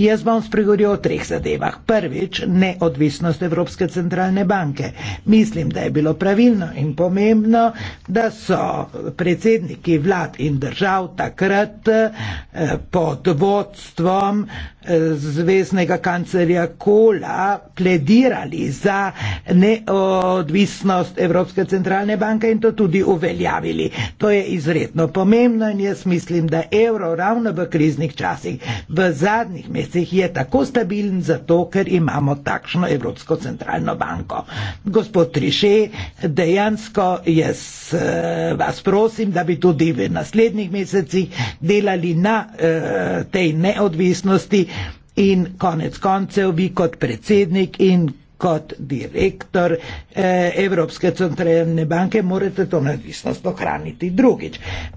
Jaz bom spregovoril o treh zadevah. Prvič, neodvisnost Evropske centralne banke. Mislim, da je bilo pravilno in pomembno, da so predsedniki vlad in držav takrat eh, pod vodstvom eh, zvezdnega kancerja Kola pledirali za neodvisnost Evropske centralne banke in to tudi uveljavili. To je izredno pomembno in jaz mislim, da evro ravno v kriznih časih, v zadnjih mesecih je tako stabilen zato, ker imamo takšno Evropsko centralno banko. Gospod Triše, dejansko jaz eh, vas prosim, da bi tudi v naslednjih mesecih delali na eh, tej neodvisnosti, in konec koncev vi kot predsednik in kot direktor eh, Evropske centralne banke morate to neodvisnost ohraniti. Drugič, eh,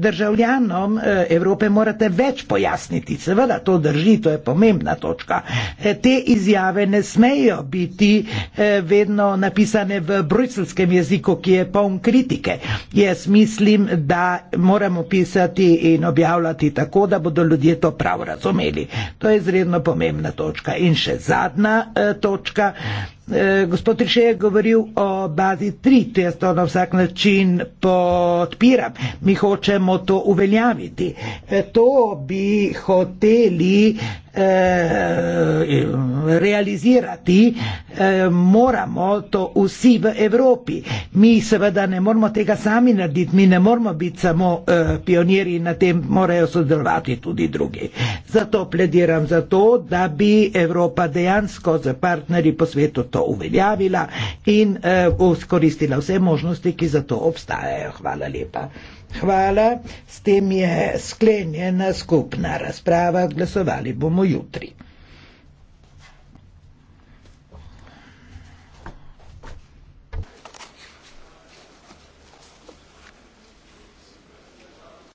državljanom eh, Evrope morate več pojasniti, seveda to drži, to je pomembna točka. Te izjave ne smejo biti vedno napisane v bruselskem jeziku, ki je poln kritike. Jaz mislim, da moramo pisati in objavljati tako, da bodo ljudje to prav razumeli. To je izredno pomembna točka. In še zadnja točka точка. Eh, gospod Triše je govoril o bazi 3, to jaz to na vsak način podpiram. Mi hočemo to uveljaviti. Eh, to bi hoteli eh, realizirati, moramo to vsi v Evropi. Mi seveda ne moramo tega sami narediti, mi ne moramo biti samo pionirji na tem, morajo sodelovati tudi drugi. Zato plediram za to, da bi Evropa dejansko z partnerji po svetu to to uveljavila in eh, izkoristila uh, vse možnosti, ki za to obstajajo. Hvala lepa. Hvala, s tem je sklenjena skupna razprava, glasovali bomo jutri.